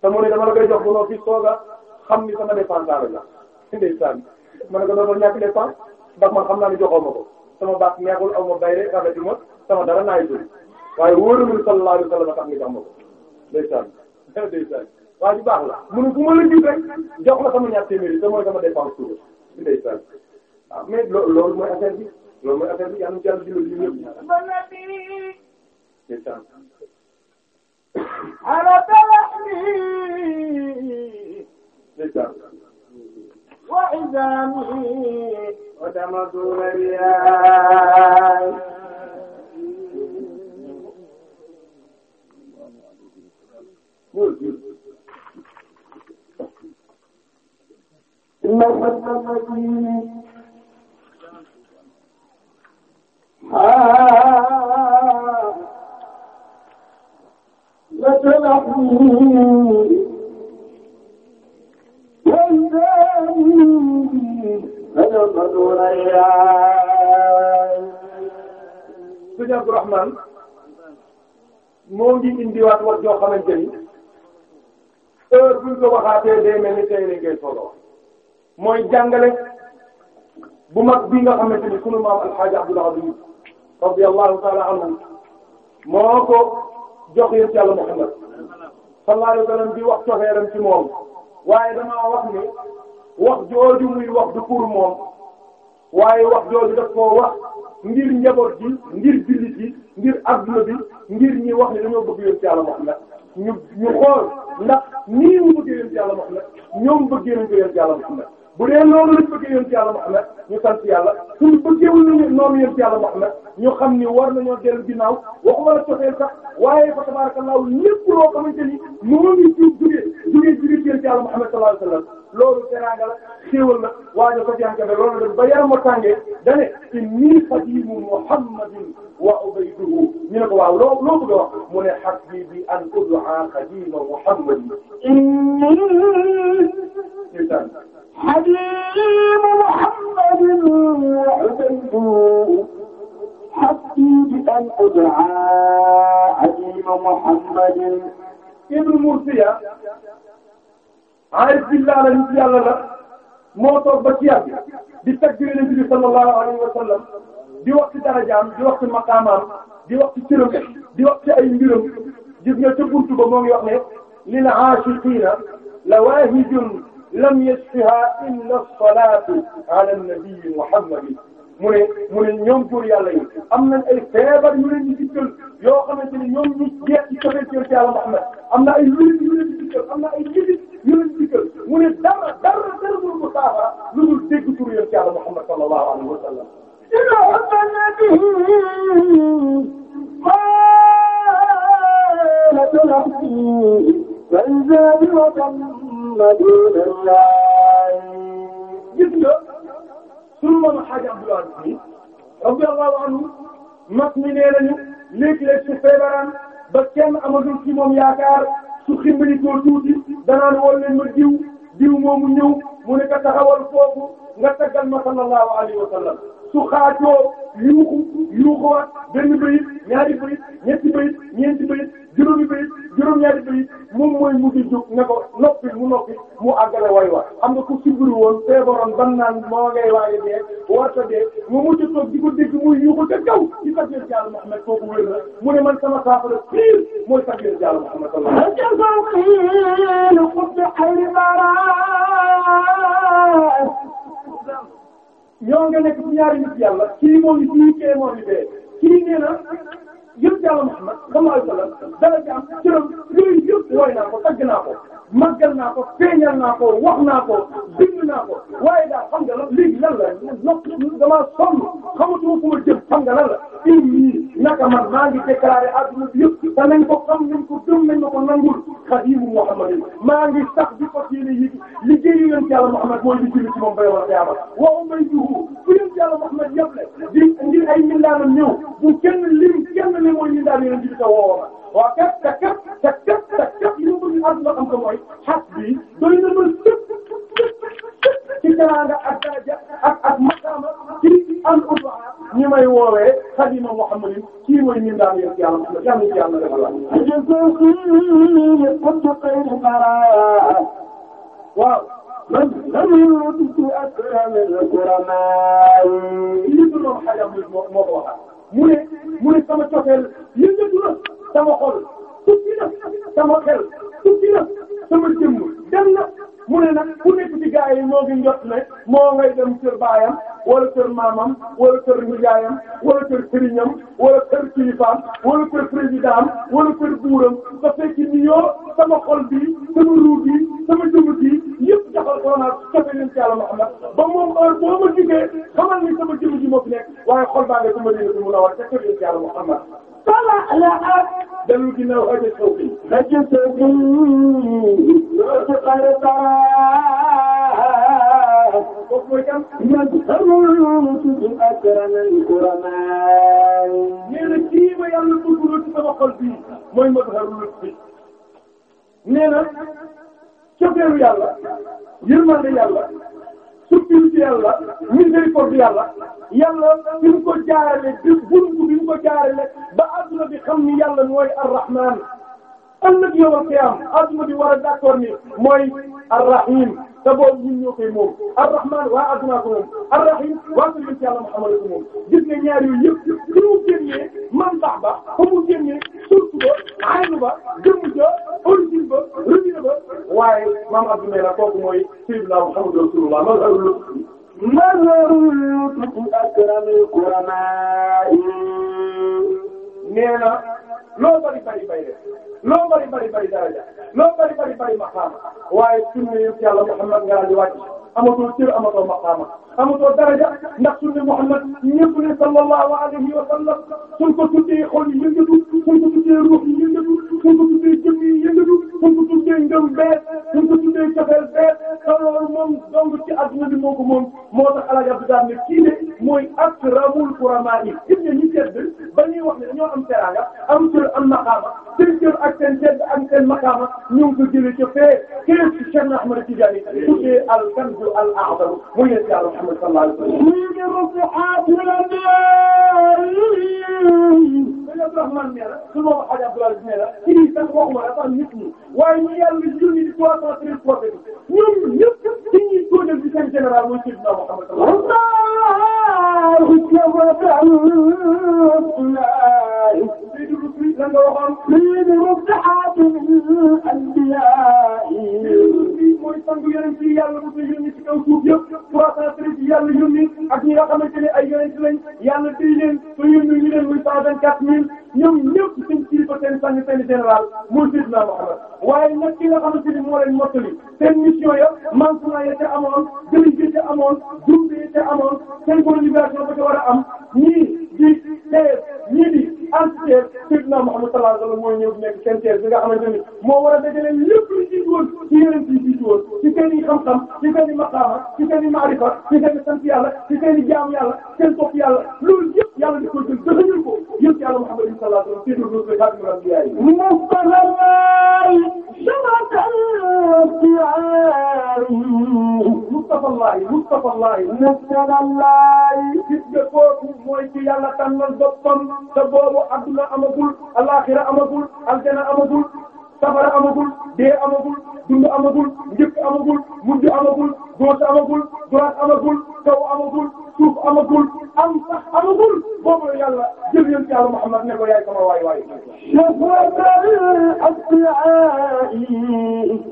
te mu ne dama la koy jox bu noo fi sooga xam ni sama dépense daal la ndeysaan ma ne ko dootoo ñàkk dépense ndax man xam naa ne joxoo ma ko sama baat neexul aw ma bayre rafetu ma sama dara naay jëli waaye wóorul sallallahu alayhi wa sallam tax ñu gàmm ko ndeysaan ndeysaan waaye bu baax la mënu bu ma la jiite jox ma sama ñaar téeméeri te mooy sama dépense suuf bi ndeysaan waaw ah, mais loo loolu mooy affaire bi loolu mooy affaire bi yàlla na ci yàlla jëloon ñu ñëpp ndeysaan ndeysaan وتمضون رياي إن الحق المدين لتلحني وإذا sëñ Abdourahmane moo ngi indiwaat wax joo xamante ni heure buñ ko waxaatee day ni tey lañ solo mooy jàngale bu mag bi nga xamante ni sunu maam Alxaaji Abdul Aziz radiyallahu taala anhu moo jox yéen ci Yàlla Muhammad sallallahu alayhi wa sallam ci moom waaye damaa wax ni. wax jooju muy wax du pour moom waaye wax jooju daf koo wax ngir njaboot ji ngir jullit yi ngir adduna bi ngir ñi wax ni dañoo bëgg yonent Yàlla Muhammad ñu ñu xool ndax nii mu bëgg yonent Yàlla Muhammad ñoom bëgg yonent Yàlla Muhammad bu dee noonu lañ bëggee yonent yàlla Muhammad ñu sant yàlla suñu bëggeewul ñu noonu yonent yàlla Muhammad ñu xam ni war nañoo dellu ginnaaw waxuma la cofeel sax waaye fa tabarakallahu lépp loo xamante ni moo ngi ci jugee jugee jugee ci yonent yàlla Muhammad sallallahu alayhi wasallam loolu teraanga la xéewal la waaye dafa jànkane loolu dem ba yaram ma tàngee dane inni xadimu Muhammadin wa ubayduhu ñu ne ko waaw loo loo bëgg a wax mu ne hasbi an ud'a xadima Muhammadin حبيب محمد وعبيده حقي بأن أدعى حبيب محمد Ibnu Mursiya arif billah la nit yàlla la moo toog ba ci yàgg di tagg Yonent bi sallallahu alayhi wa sallam di wax ci darajaam di wax ci maqaamaam di wax ci cëram di wax ci ay mbiram gis nga ca buntu ba moo ngi wax ne lil aashiqiina la waahidun lam yasfiha illa salaatu ala nabii Muhammad mu ne mu ne ñoom jur yàlla yi am nañ ay feebar yu leen di dikkal yoo xamante ne ñoom ñu jeex ci cofeel ci yàlla Muhammad am na ay luy yu leen di dikkal am na ay njëriñ yu leen di dikkal mu ne dara dara dara mënu ko saafara lu dul dégg tur yëpp ci yàlla Muhammad sallallahu alayhi wa sallam. maa محمد الله gis nga sunu mën a xaaj Abdul Aziz radiyallahu anhu mag mi nee nañu léeg-léeg su feebaran ba ci moom yaakaar su ximbali ko danaan wol leen ma diw diw moomu mu ne ko taxawal foofu nga taggal ma sallallahu alayhi wa sallam su xaajoo yuuxu yuuxuwaat benn bayit ñaari bayit ñetti bayit ñeenti bayit juróomi bayit juróom-ñaari bayit moom mooy mujj jóg ne ko noppi mu noppi mu àggale way wa xam nga ku sibiri woon feebaroon ban naan moo ngay waaye dee warta dee mu mujj toog di ko dégg muy yuuxu ca kaw ci takbir jàll Muhammad kooku wér na mu ne man sama saafara pire mooy takbir jàll Muhammad sallallahu alayhi wa sallam yow nga nekk ci ñaari nit yàlla kii moo ngi kii kee moo ngi dee kii nee na yëpp yàlla Muhammad sallallahu alayhi wasallam dara jaam cëram yooyu yëpp wooy naa ko tagg naa ko màggal naa ko feeñal naa ko wax naa ko bind naa ko waaye daal xam nga léegi lan la nopp damaa sonn xamatuma fu ma jëm xam nga lan la inni naka man maa ngi déclaré adduna bi yëpp te nañ ko xam nañ ko gëm nañ ma ko nangul xadimu Muhammadin maa ngi sax di ko yéene yi liggéeyu yonent Yàlla Muhammad mooy li julli ci moom bay wala xiyaama wa umayduhu fu yonent Yàlla Muhammad yëpp la di ngir ay mindaanam ñëw bu kenn ñu ci yàlla defal waay. waaw. man man maa ngi ci ak kuramaay. lii du loolu xajam moo moo ko waxaat. mu ne mu ne sama cofeel yëngatu na sama xol tukki na sama xel tukki na sama jëmm dem na. mu ne nag ku nekk ci gaa yi moo ngi jot ne moo ngay dem kër baayam wala kër maamam wala kër nijaayam wala kër sëriñam wala kër kilifaam wala kër président wala kër buuram sa fekk ni yoo sama xol bi sama ruu bi sama jëmm bi yëpp defal ko naan sofe leen ci yàlla Muhammad ba moom heure boo ma jugee xamal ni sama jëmm ji moo fi nekk waaye xol baa nga sama dina bi mun a war ca sofe leen ci yàlla Muhammad طلع لعب دلوقتي لو هذا صوتي هجم صوتي وتقر يظهر أكرم الكرماء نرتيب يلا تقولوا تتوقع البيت ما يظهر لطفي نرى شكرا يلا يرمى يلا structure ci yàlla miséricorde yàlla yàlla bi mu ko jaarale bi buntu bi mu ko jaarale ba adduna bi xam ni yàlla mooy arrahman ëllëg yow a am adduna bi war a d'accord ni mooy arrahim te boobu ñun ñoo koy moom waa adduna ko moom arrahim waa ko yëngu yàlla Muhammad ko moom gis nga ñaar yooyu mu génnee mantax ba fa mu génnee source ba aynu ba jëmm ja origine ba rëdd ba waaye maam Abdoulaye la kooku mooy sayyidina Muhammad rasulullah mazharul lutfi akramil qurana nee loo bari bari bari def loo bari bari bari daraja loo bari bari bari maqaama waaye sunna yëpp yàlla Muhammad nga di wàcc amatul cër amatul maqaama amutoo daraja ndax sunne Muhammad ñëpp ne sallallahu alayhi wa sallam suñ ko tuddee xol yi yëngatu suñ ko tuddee ruux yi yëngatu suñ ko tuddee jëm yi yëngatu suñ ko tuddee ngëm bees suñ ko tuddee cofeel bees te loolu moom dong ci adduna bi moo ko moom moo tax El Hadj Abdou Daan ne kii de mooy akramul kuramaa yi gis nga ñi tedd ba ñuy wax ne dañoo am teraanga am cër am maqaama seen cër ak seen tedd ak seen maqaama ñu ngi ko jëlee ca fee kees Cheikh Ahmad Tidiane tuddee al kanzu al a'zam muy Muhammad sallallahu alayhi wa sallam. lii di rufuxaatil anbiyaa. sëñ Abdourahmane nee na su ma waxee Abdoulaye nee na kii sax waxuma dafa am nit ñi waaye ñu yàlla junni trois cent treize prophètes ñoom ñëpp ci ñuy tóodal ci seen général mooy Seydina Muhammad sallallahu alayhi wa sallam lan nga waxoon lii di mubtaxaatul anbiyaa mooy sangu yeneen ci yàlla bu ñu yónni ci kaw suuf yëpp ci yàlla yónni ak ñi nga xamante ne ay yonent lañ yàlla téy leen ba yónni ñu leen muy cent vingt quatre mille ñoom ñëpp seen kilifa seen sang seen général mooy Seydina Muhammad waaye nag ki nga xamante moo leen mottali seen mission ya manquement ya ca amoon jëriñ bi ca amoon jumte ya ca amoon seen communication ba ca war a am ñii di tey ñii di entière Seydina Muhammad sallallahu alayhi wasallam mooy ñëw nekk seen teer bi nga xamante ni moo war a dajale lépp lu jiitu woon ci yeneen yi jiitu woon ci seen i xam-xam ci seen i maqaama ci seen i maarifa yàlla di ko jël dëgëral ko yëpp yàlla Muhammad sallallahu alayhi wa sallam xaatimu anbiyaa Mustafaa Mustafaa Mustafaa Mustafaa gis nga kooku mooy ci yàlla tànnal boppam te boobu adduna amagul alaxira amagul aljana amagul safara amagul dee amagul dund amagul njëkk amagul mujj amagul góos amagul droite amagul kaw amagul suuf amagul am sax amagul moomul yàlla jël yéen Thiaw Mouhamad ne ko yaay sama waay waay.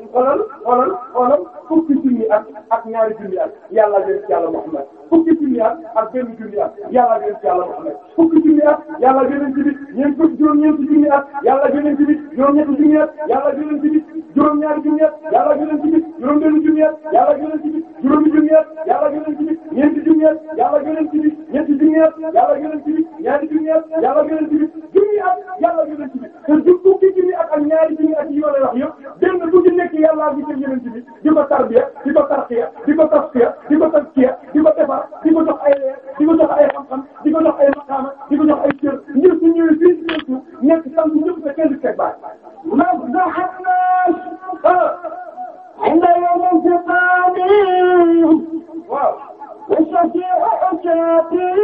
xoolal xoolal xoolal fukki junni at ak ñaari junni at yàlla leen ci yàlla Muhammad fukki junni at ak benn junni at yàlla leen ci yàlla Muhammad fukki junni at yàlla leen ci bi ñeent fukki juróom-ñeenti junni at yàlla leen ci bi juróom-ñetti junni at yàlla leen ci bi juróom-ñaari junni at yàlla leen ci bi juróom-benn junni at yàlla leen ci bi juróomi junni at yàlla leen ci bi ñeenti junni at yàlla leen ci bi ñetti junni at yàlla leen ci bi ñaari junni at yàlla gën a ji junni at yàlla gën a ji te ju fukki junni at ak ñaari junni at yi ma lay wax yëpp benn bu ci nekk yàllaa ngi jël yeneen bi di ko tarbiya di ko tarxiya di ko tasfiya di ko taskiya di ko defar di ko jox ay leer di ko jox ay xam-xam di ko jox ay maqaama di ko jox ay cër ñëpp su ñëwee fii ci ñëpp nekk sant ñëpp sa kenn du teg baay. Ah, waaw. وشفيع شفيع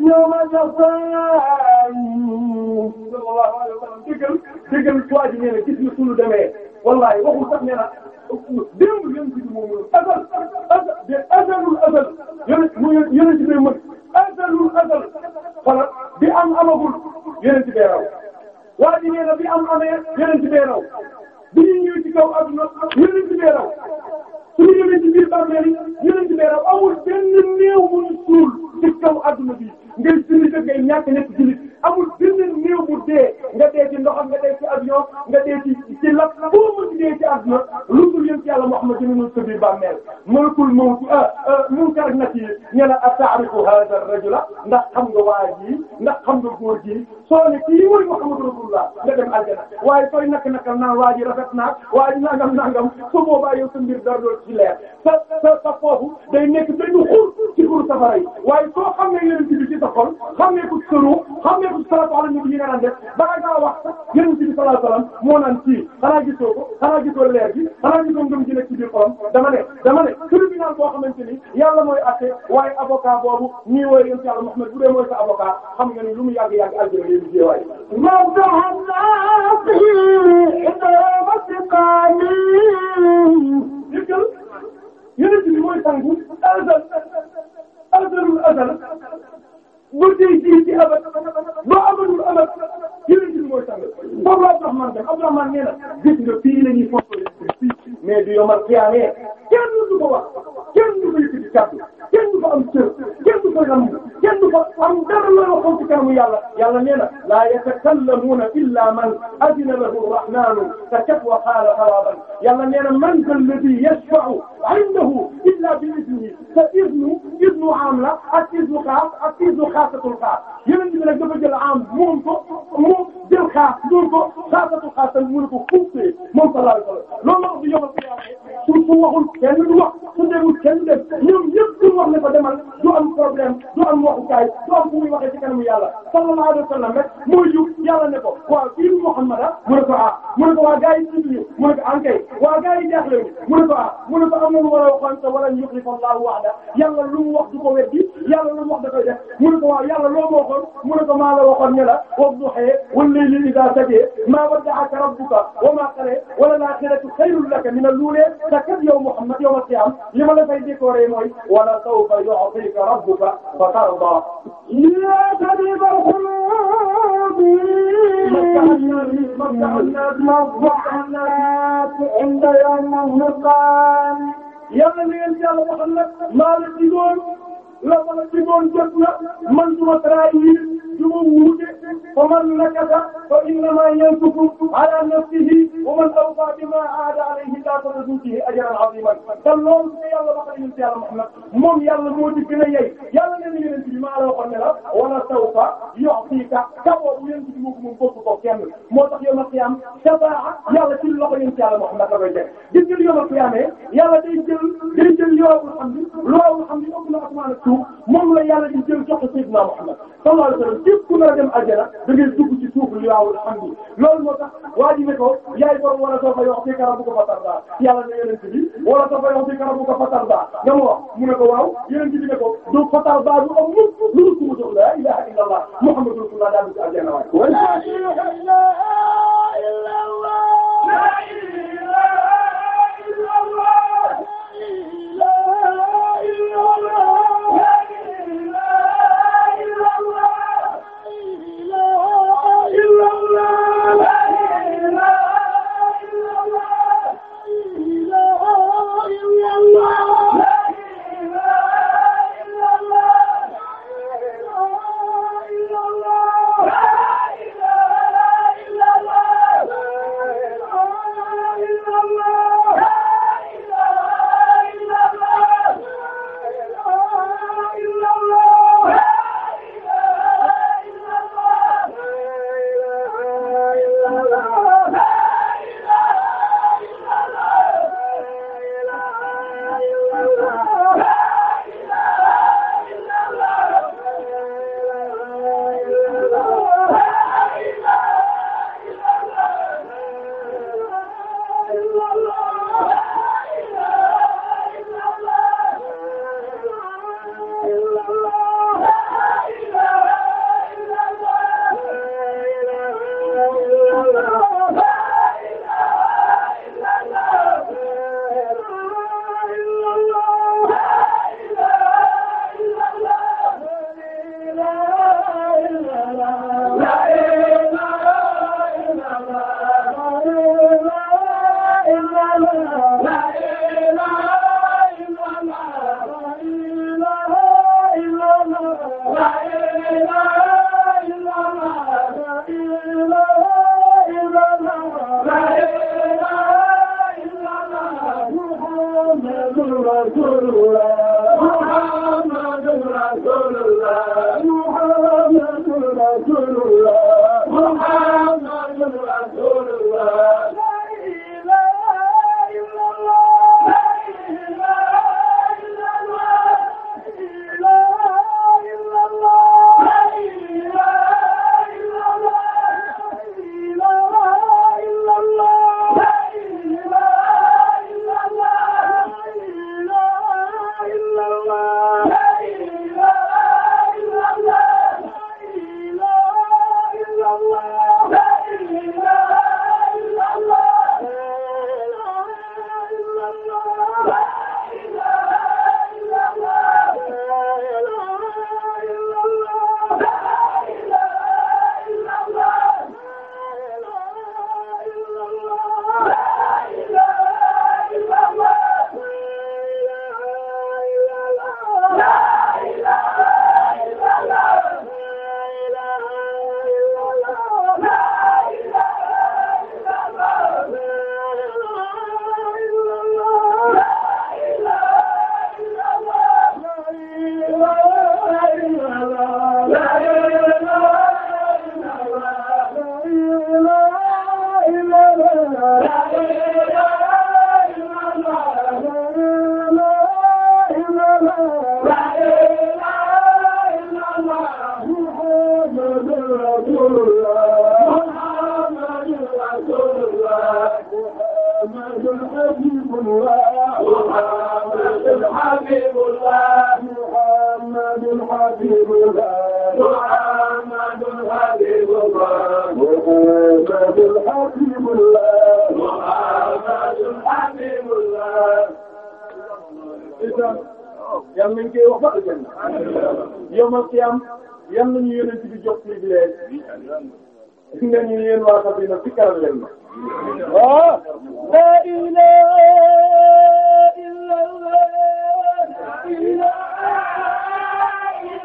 يوم القيامة. dëggal dëggal waa ji nee na gis nga suñu demee wallaahi waxul sax nee na démb yéen si moom la asal asal de asalul asal yéen yéen a ci day mën asalul asal xanaa bi am amagul yéen a ci day raw waa ji nee na bi am amee yéen a ci day raw bi ñu ñëw ci kaw adduna yéen a ci day raw su ñu ñëwee ci biir bàmmeel yi yeneen ci leeram amul benn néew mu ñu suul ci kaw adduna bi ngay jullit ak ngay amul benn néew bu dee nga dee ci ndoxam nga dee ci avion nga dee ci ci lap boo mën dee ci avion lu dul yëngu yàlla Muhammad dinañu sa biir bàmmeel malakul mawt ah, ah, munkar nakir ñu ne ata'rifu hadha ar-rajula ndax xam nga waa ji ndax xam nga góor ji soo ne kii mooy Muhammad rasulullah nga dem aljana waaye sooy nak nakal naan waa ji rafet naag waa ji nangam nangam su boobaa yow sa mbir dara doo ci leer sa sa sa foofu day nekk benn xur ci xur safara yi waaye soo xam ne yéen ci bi ci sa xol xam ne ko sëru xam ne yëpp sallallahu alayhi wa sallam ñu nga daan def bala ngaa wax yëngu ci bi sallallahu alayhi wa sallam moo naan kii xanaa gisoo ko xanaa gisoo leer gi xanaa gisoo ngëm ci nekk ci biir xolam dama ne dama ne tribunal boo xamante ni yàlla mooy àtte waaye avocat boobu ñii wooy yéen ci yàlla Muhammad bu dee mooy sa avocat xam nga ni lu mu yàgg yàgg aljana yéen jee waay yëkkal yëngu ci bi mooy sangu azal azalul azal boo dee ji ci abad boo abadul abad yeneen ji mooy tàngal foofu laa tax man de Abdourahmane nee na gis nga fii la ñuy fonk mais du yomal xiyaamee kenn kenn du fa am cër kenn du fa am kenn du fa am dara loo xam ci kanamu yàlla yàlla nee na laa yatakallamuuna illaa man adina lahu rahmaanu sakat wa qaala xalaaban yàlla nee na man alladii yashfa'u indahu illaa bi idnihi te idnu idnu am la ak idnu xaas ak idnu xaasatul xaas yeneen bi nag dafa jël am moom ko moom jël xaas doon ko xaasatul xaas tamit mën ko fuufee moom sallallahu alayhi wa sallam loolu la wax du yomal qiyaama su su waxul kenn du wax su demul kenn dem ñoom ñëpp wax ne ko demal du am problème du am waxukaay du am fu muy waxee ci kanamu yàlla sallallahu alayhi wa sallam rek mooy yëg yàlla ne ko waaw kii bi Muhammad ah? mu ne ko ah mu ne ko waa gars yi suñu mu ne ko ankay ah, waa gars yi jaaxle wu mu ne ko ah mu ne ko am na lu war a waxoon te wala yuxlifa Allahu wa'da yàlla lu mu wax du ko weddi yàlla lu mu wax da koy def mu ne ko waaw yàlla loo ma waxoon mu ne ko maa la waxoon ne la wadduha wal layli idha saja ma wadda'aka rabbuka wa ma qala wala al-akhiratu khayrun laka min al-ula te kat yow Muhammad yow ma si am li ma la fay décorer mooy wala سوف يعطيك ربك فترضى يا طبيب القلوب مفتح الناس عند يوم الهرقان yàlla na leen yàlla waxal nag maa la digoon la ma la digoon jot na man duma trahir ju ma wuute fa man nakasa fa innama yankusu ala nafsihi wa man awfa bima aada alayhi llaahu fa yu'tihi ajran aziman te loolu su yàlla wax nañu si yàlla Muhammad moom yàlla moo ci gën a yey yàlla nee na yonent bi maa la waxoon ne la wala sawfa yu'tika kaboo bu yonent bi moo ko moom bokk ko kenn moo tax yow ma xiyaam safaa yàlla ci loxo yonent yàlla Muhammad la koy teg gis nga yow ma xiyaamee yàlla day jël day jël loolu xam ni loolu xam ni ëpp na asmaan ak suuf moom la yàlla di jël jox ko Seydina Muhammad sallallahu alayhi wasallam képp ku nar a dem aljana da ngay dugg ci suuf li waaw alhamdu loolu moo tax waa ji ne ko yaay borom wala soo fa yox fi karam bu ko fa tarda yàlla ne yonent bi wala soo fa yox fi karam bu ko fa tarda nga ma wax mu ne ko waaw yonent bi ne ko du fa tarda du am mukk lu dul ku ma jox la ilaha illallah muhammadu rasulullah daal di ci aljana waay حبيب الله محمد حبيب الله محمد حبيب الله محمد حبيب الله yàlla nañ koy wax ba àjjana yomal qiyam yàlla nañu yonent bi jox privilège gis nga ñu yéen waa Safina ci kanam leen ma waaw la ilaha illa allah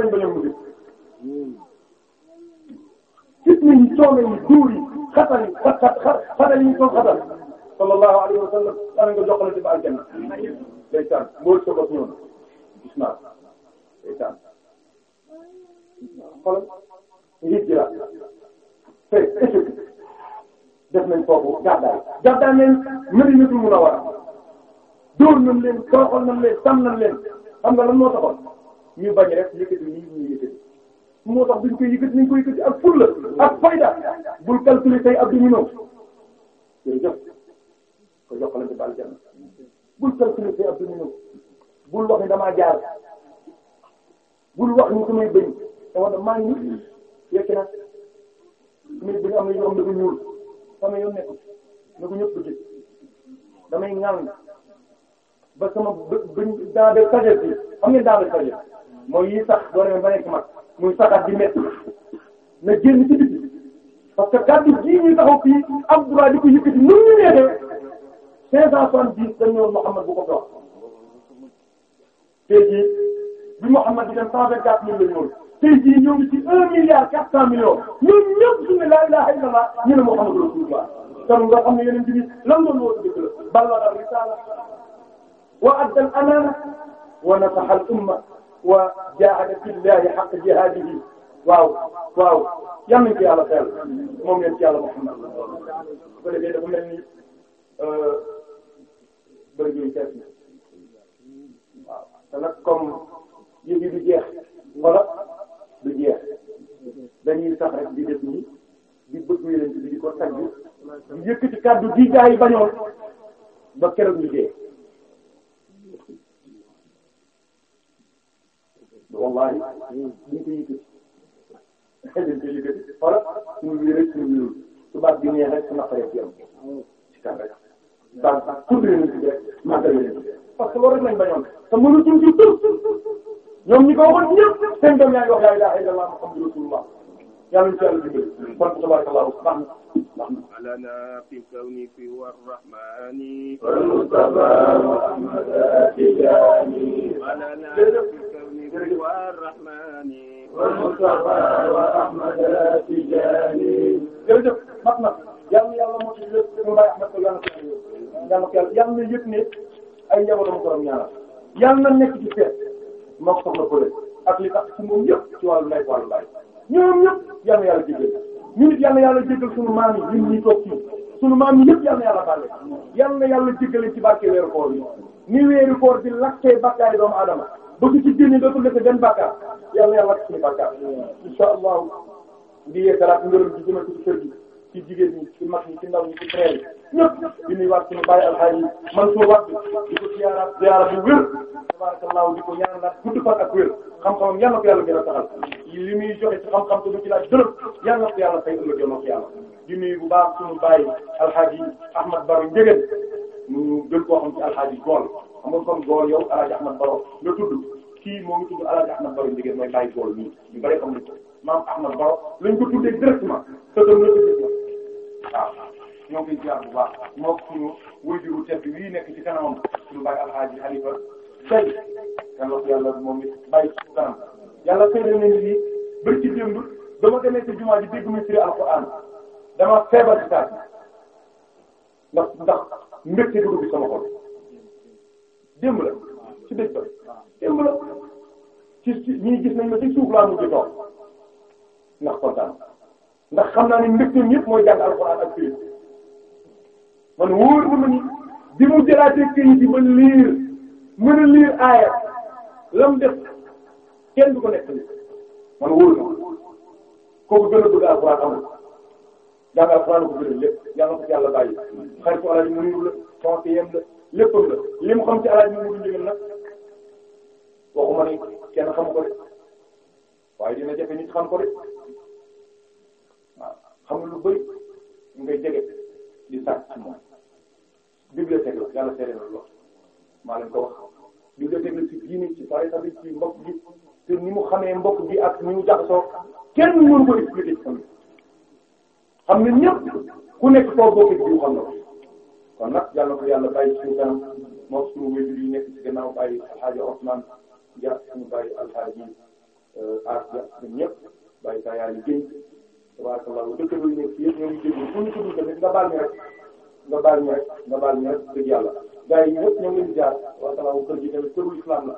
lañ bañ a mujj gis nañ coono yi duur xatal yi xatal xatal yi ñu doon xatal sallallahu alayhi wa sallam danañ ko joxal ci ba aljanna ndeysaan mbool sa bopp ñoom gis naa ndeysaan xoolal njiit ji la te échec def nañ foofu gàddaay gàddaay leen Madinatul Munawwara leen toroxal nañ leen sàmm nañ leen xam nga lan moo taxoon ñu bañ rek moo tax duñ koy yëkkati nañ koy yëkkati ak fulla ak fayda bul calculer tey ak du ñu ñëw jërëjëf ko bul calculer tey bul wax ni damaa jaar bul wax ni samay bëñ te wax na maa ngi yekk na samay am na yoo ne dafa ñëpp gis damay ŋàng ba sama bë bëñ dans des sagesse yi xam ngeen dans des sagesse mooy yi sax boo demee ba nekk mag muy saxaat di métti na génn ci biti parce que kàddu gii ñuy taxaw fii am droit di ko yëkkati mën ñu neexee cinq cent soixante-dix dañ ñëwoon Mouhamad bu ko dox bi Mouhamad di dem cent vingt-quatre mille lañ woon tey jii ñoo ngi ci un milliard la ilaha illallah ñu ne bi lan loolu woo wa adda al amana wa nasaha al umma wa jaahada fillahi haqq jihaadihi waaw waaw yal nañu ko yàlla xel moom leen ci yàlla Muhammad bu ko defee dafa mel ni euh, bëri yooyu seet waaw te yi du jeex wala du jeex dañuy sax rek di def nii di bëgg yéen ci di ko tagg di kàddu di gaa yi bañoon ba keroog ñu dee wallahi ñu ngi koy yëkkati dañ koy yëkkati wala suñu biir rek suñu biirul su baat bi neex rek su ci yow ci kan rek daal continué nañ ci rek màggal leen parce que loolu rek lañ bañoon te mënutuñ ci ñoom ñi ko waxoon ñëpp seen doom yaa ngi wax laa yàlla ci yàlla dimbali kon tabarakallahu baax na baax na alana fi kawni fi war rahmani wal mustafa mustafa wa ahmad tijani jërëjëf mat na yàlla yàlla moo ci lépp mu bàyyi ay njabootam borom ñaanal yàlla na nekk ci seet moo ko soxla ko ak li tax ci moom ñoom ñëpp yal na yàlla jéggal ñu nit yal na yàlla jéggal sunu maam yi ñun ñuy toog ci sunu maam yi yëpp yal na yàlla bàlle yal na yàlla jéggale ci barke weeru koor yi ni weeru koor di lakkee bàkkaari doomu aadama ba ku ci génne dootul def benn bàkkaar yal yàlla lakk suñu bàkkaar insha allah di yeesalaat ngërëm ci jëmale ci kër ci jigéen ñi ci mag ñi ci ndaw ñi ci frère yi ñëpp di nuyuwaat suñu bàyyi alxaaj yi man soo wàcc di ko ziyaara ziyaara bu wér tabarakallah di ko ñaanal gudd fan ak wér xam-xamam yàlla ko yàlla gën a taxal li muy joxe ci xam-xam te du ci laaj dërëm yàlla ko yàlla fay ëllëg yoon ak yàlla di nuyu bu baax suñu bàyyi alxaaj yi Ahmad Baro Njëgën ñu gën koo xam ci alxaaj yi gool xam nga comme gool yow alxaaj Ahmad Baro nga tudd kii moo ngi tudd alxaaj Ahmad Baro Njëgën mooy bàyyi gool nii ñu bari xam ni maam Ahmad Baro lañ ko tuddee directement te doon na waaw ñoo ngi ziar bu baax moo ko suñu wëjuru tedd wii nekk ci kanamam suñu bàyyi alxaaji Xalifa Sey kan wax yàlla moom it bàyyi ci yàlla seede na ni bëri ci démb dama demee ci jumaa ji dégg ma ci alxuraan dama feebar ci taat ndax ndax mbégte dugg bi sama xol démb la ci démb la ci ñii gis nañ ma ci suuf laa mujj toog ndax kontaan ndax xam naa ne mbégteem yëpp mooy jàng alxuraan ak këyit man wóor na ma ni bi mu jëlaatee këyit yi ba liir mën a liir aaya la mu def kenn du ko nekk ni man wóor na kooku gën a bëgg alxuraan amul jàng alxuraan ko gën a lépp yàlla ko ci yàlla bàyyi xaritu alaaji Muniru la conseiller la léppam la li mu xam ci alaaji Muniru njëgam nag waxuma ne kenn xamu ko de waaye dina jafe nit xam ko de xamul lu bëri nga jege di sàkk ci moom bibliothèque la yàlla seede na lool maa leen ko wax bibliothèque la ci diini ci saa yi tamit ci mbokk gi te ni mu xamee mbokk gi ak ni mu jaxasoo kenn mënu ko expliquer ci famille xam ne ñëpp ku nekk foo bokk jiw xam na kon nag yàlla ko yàlla bàyyi suñu kanam moo suñu wéyjur yi nekk ci gannaaw bàyyi alxaaji Osman ja suñu bàyyi alxaaji euh, Aas ja ñun ñëpp bàyyi saa yaay yi tabarakallahu dëkkandoo yi nekk yëpp ñoo ngi déglu pour ñu tudd tamit nga baal ñu rek nga baal ñu rek nga baal ñu rek dëgg yàlla gars yi ñëpp ñoo ngi leen jaar wa salaam kër gi tamit këru islam la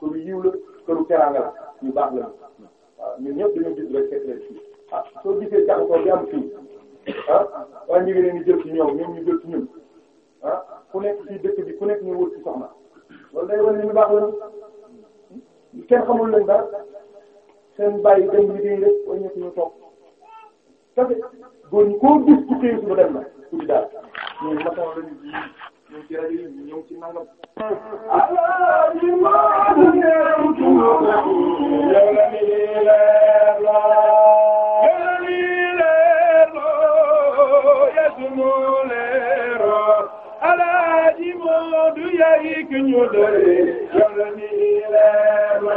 këru yiw la këru teraanga la ñu baax la waaw ñun ñëpp dañoo gis rek fekk leen fii ah soo gisee jàpp ko di am fii ah waaye ñu ngi leen di jël ci ñoom ñoom ñu jël ci ñun ah ku nekk ci dëkk bi ku nekk ñu wër ci soxna loolu day wane ni ñu baax la kenn xamul leen dara seen bàyyi dem liggéey rek wala ñëpp ñu toog kese góor ñi koo gis ci kii su dem la tuuti daal ñun matin la ñu ji ñëw ci rajo yi ñëw ci nangam. du yaay ki ñu doy yàlla ni leer la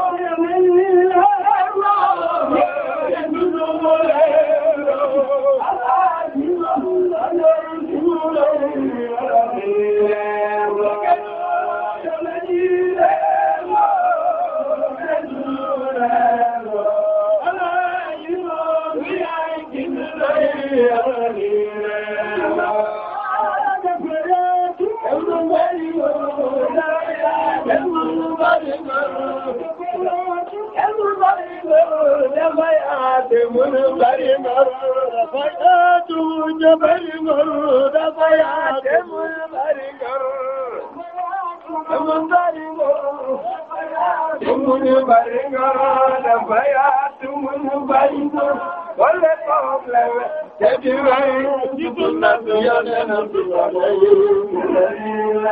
فيات منقر مرود فياته جبل مرود فيات منقر منقر منقر فيات منقر والقبل تجمعين سنة يدنا بالعليم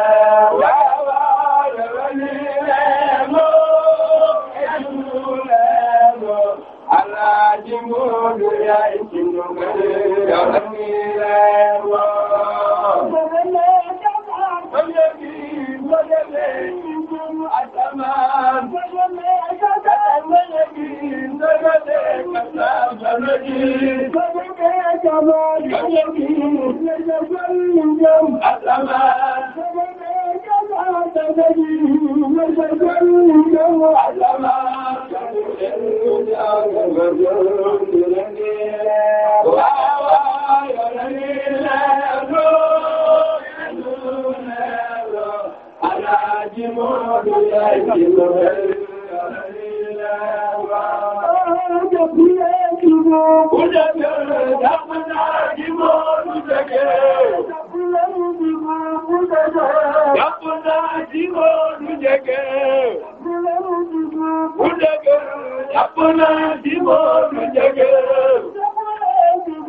Jimbo, do ya in Jimbo, do ya in Jimbo, Wow, wow, you're the الجمعة Thank you.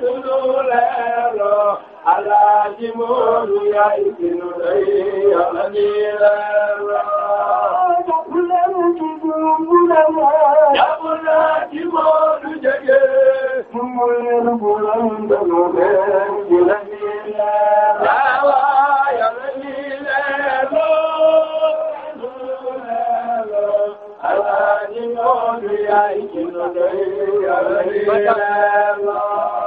dund leerloo alaaji Moodu yaa indi nu doy yàlla ñuy leerloo. jàppu leen ci dundu la leer. jàppu naa ci Moodu jege. mu leer bu lënd lu leer yàlla ñuy leerloo. waaw yàlla ñuy leerloo. dundu leerloo alaaji Moodu yaa indi nu doy yàlla ñuy leerloo.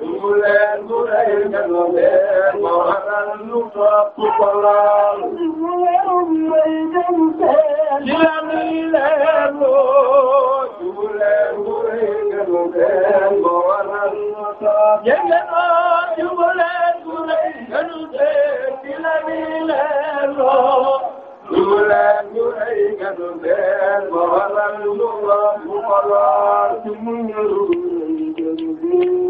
mu leen mu leen jàlloo leen ma waral lu topp ko laal. mu leen mu leen jàlloo leen. ci la mi leen woo. mu leen mu leen jàlloo leen ma waral lu topp. yéen a ngi doon mu leen mu leen jàlloo leen ci la mi leen woo. mu leen mu leen jàlloo leen ma waral lu topp ko laal. mu leen mu leen jàlloo leen.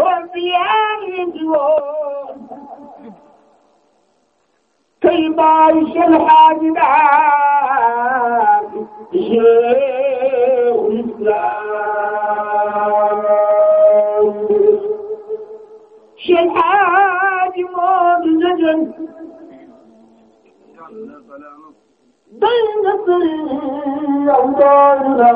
xoofiyaar yi di woon tey baay seen xaaji daal yeewu islaam seen xaaji moo day nga sëriñ yow doon na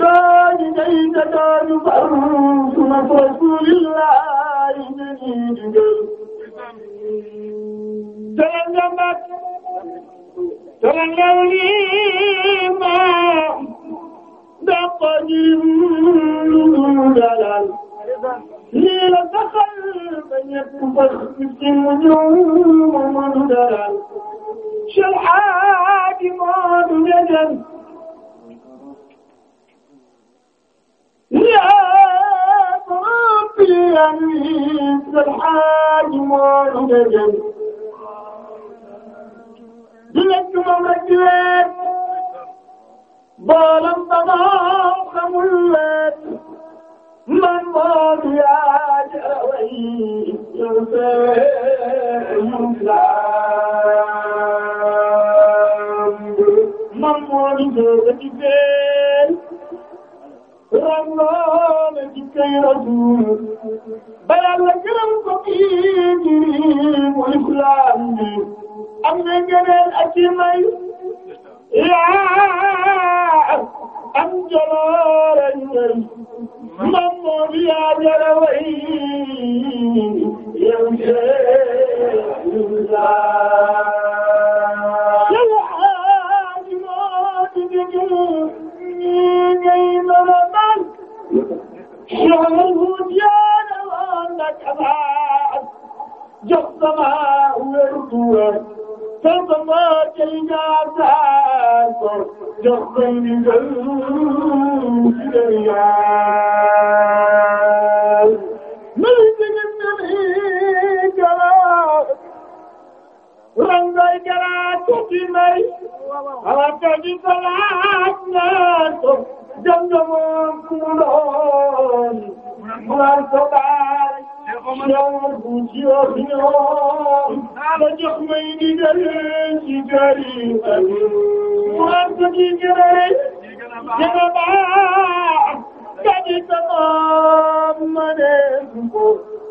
دوني ديك دون فروسنا فصول الله جديد تلنجمت تلنجولي ما دقني لولال ليل دخل بنيت فخ في النجوم من دلال شلحان mooy lu ngay jënd di lekk moom rek man moom yaa jaraway raw naa la jikkay rasul ba yàlla gërëm ko kii kii mu islam bi am na ngëneel ak ci may yaa am jaloore ngay mam moo di yaa jara way yow jee شعر الوجدان وانك ابعاد جف سماء وردوان فالسماء كالجاسات جف النجوم كالرياض ملك النبي كلام rangoy garaatu ci may alaaka di salaat naa ko jëm moom ku mu doon maa ko baal yow bu ci yow ñoom ma jox may di gërëm ci gërëm maa ko di gërëm jëm baax ka di sa moom ma ne ko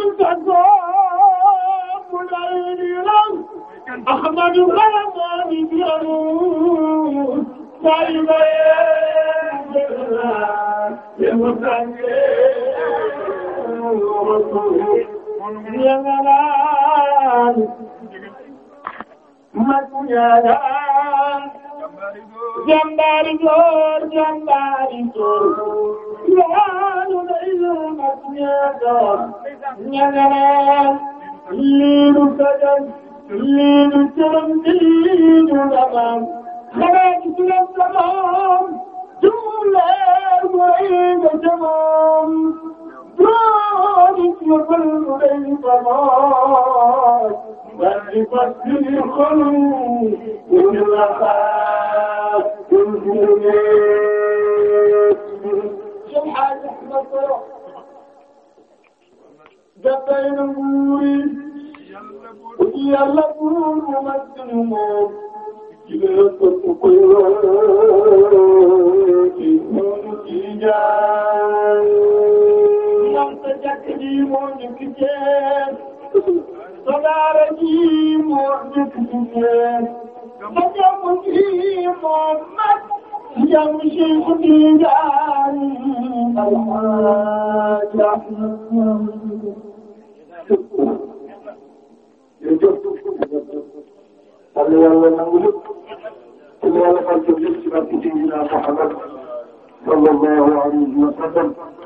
تدام العين لم أحمد غلمان بيروس دائما يا ملال ما تنادى jàmbaari góor jàmbaari góor loolu day doon ak ñaar doon ña nga naan lii du sagan lii du cëram lii du damaan xanaa ci suñu samaan juum leer mooy nga jëmoon ذلك يضل ليس مات بل بس الخلق واللقاء والجنات سبحان الله دبين الموري يلا بور ممثل موت إلى تقوى moom sa jàkk ji moo njëkk jeex sa daara ji moo njëkk jeex sa jàmm ji moo mat jàmm Cheikh Tidiane Alhaji Ahmed. jërëjëf.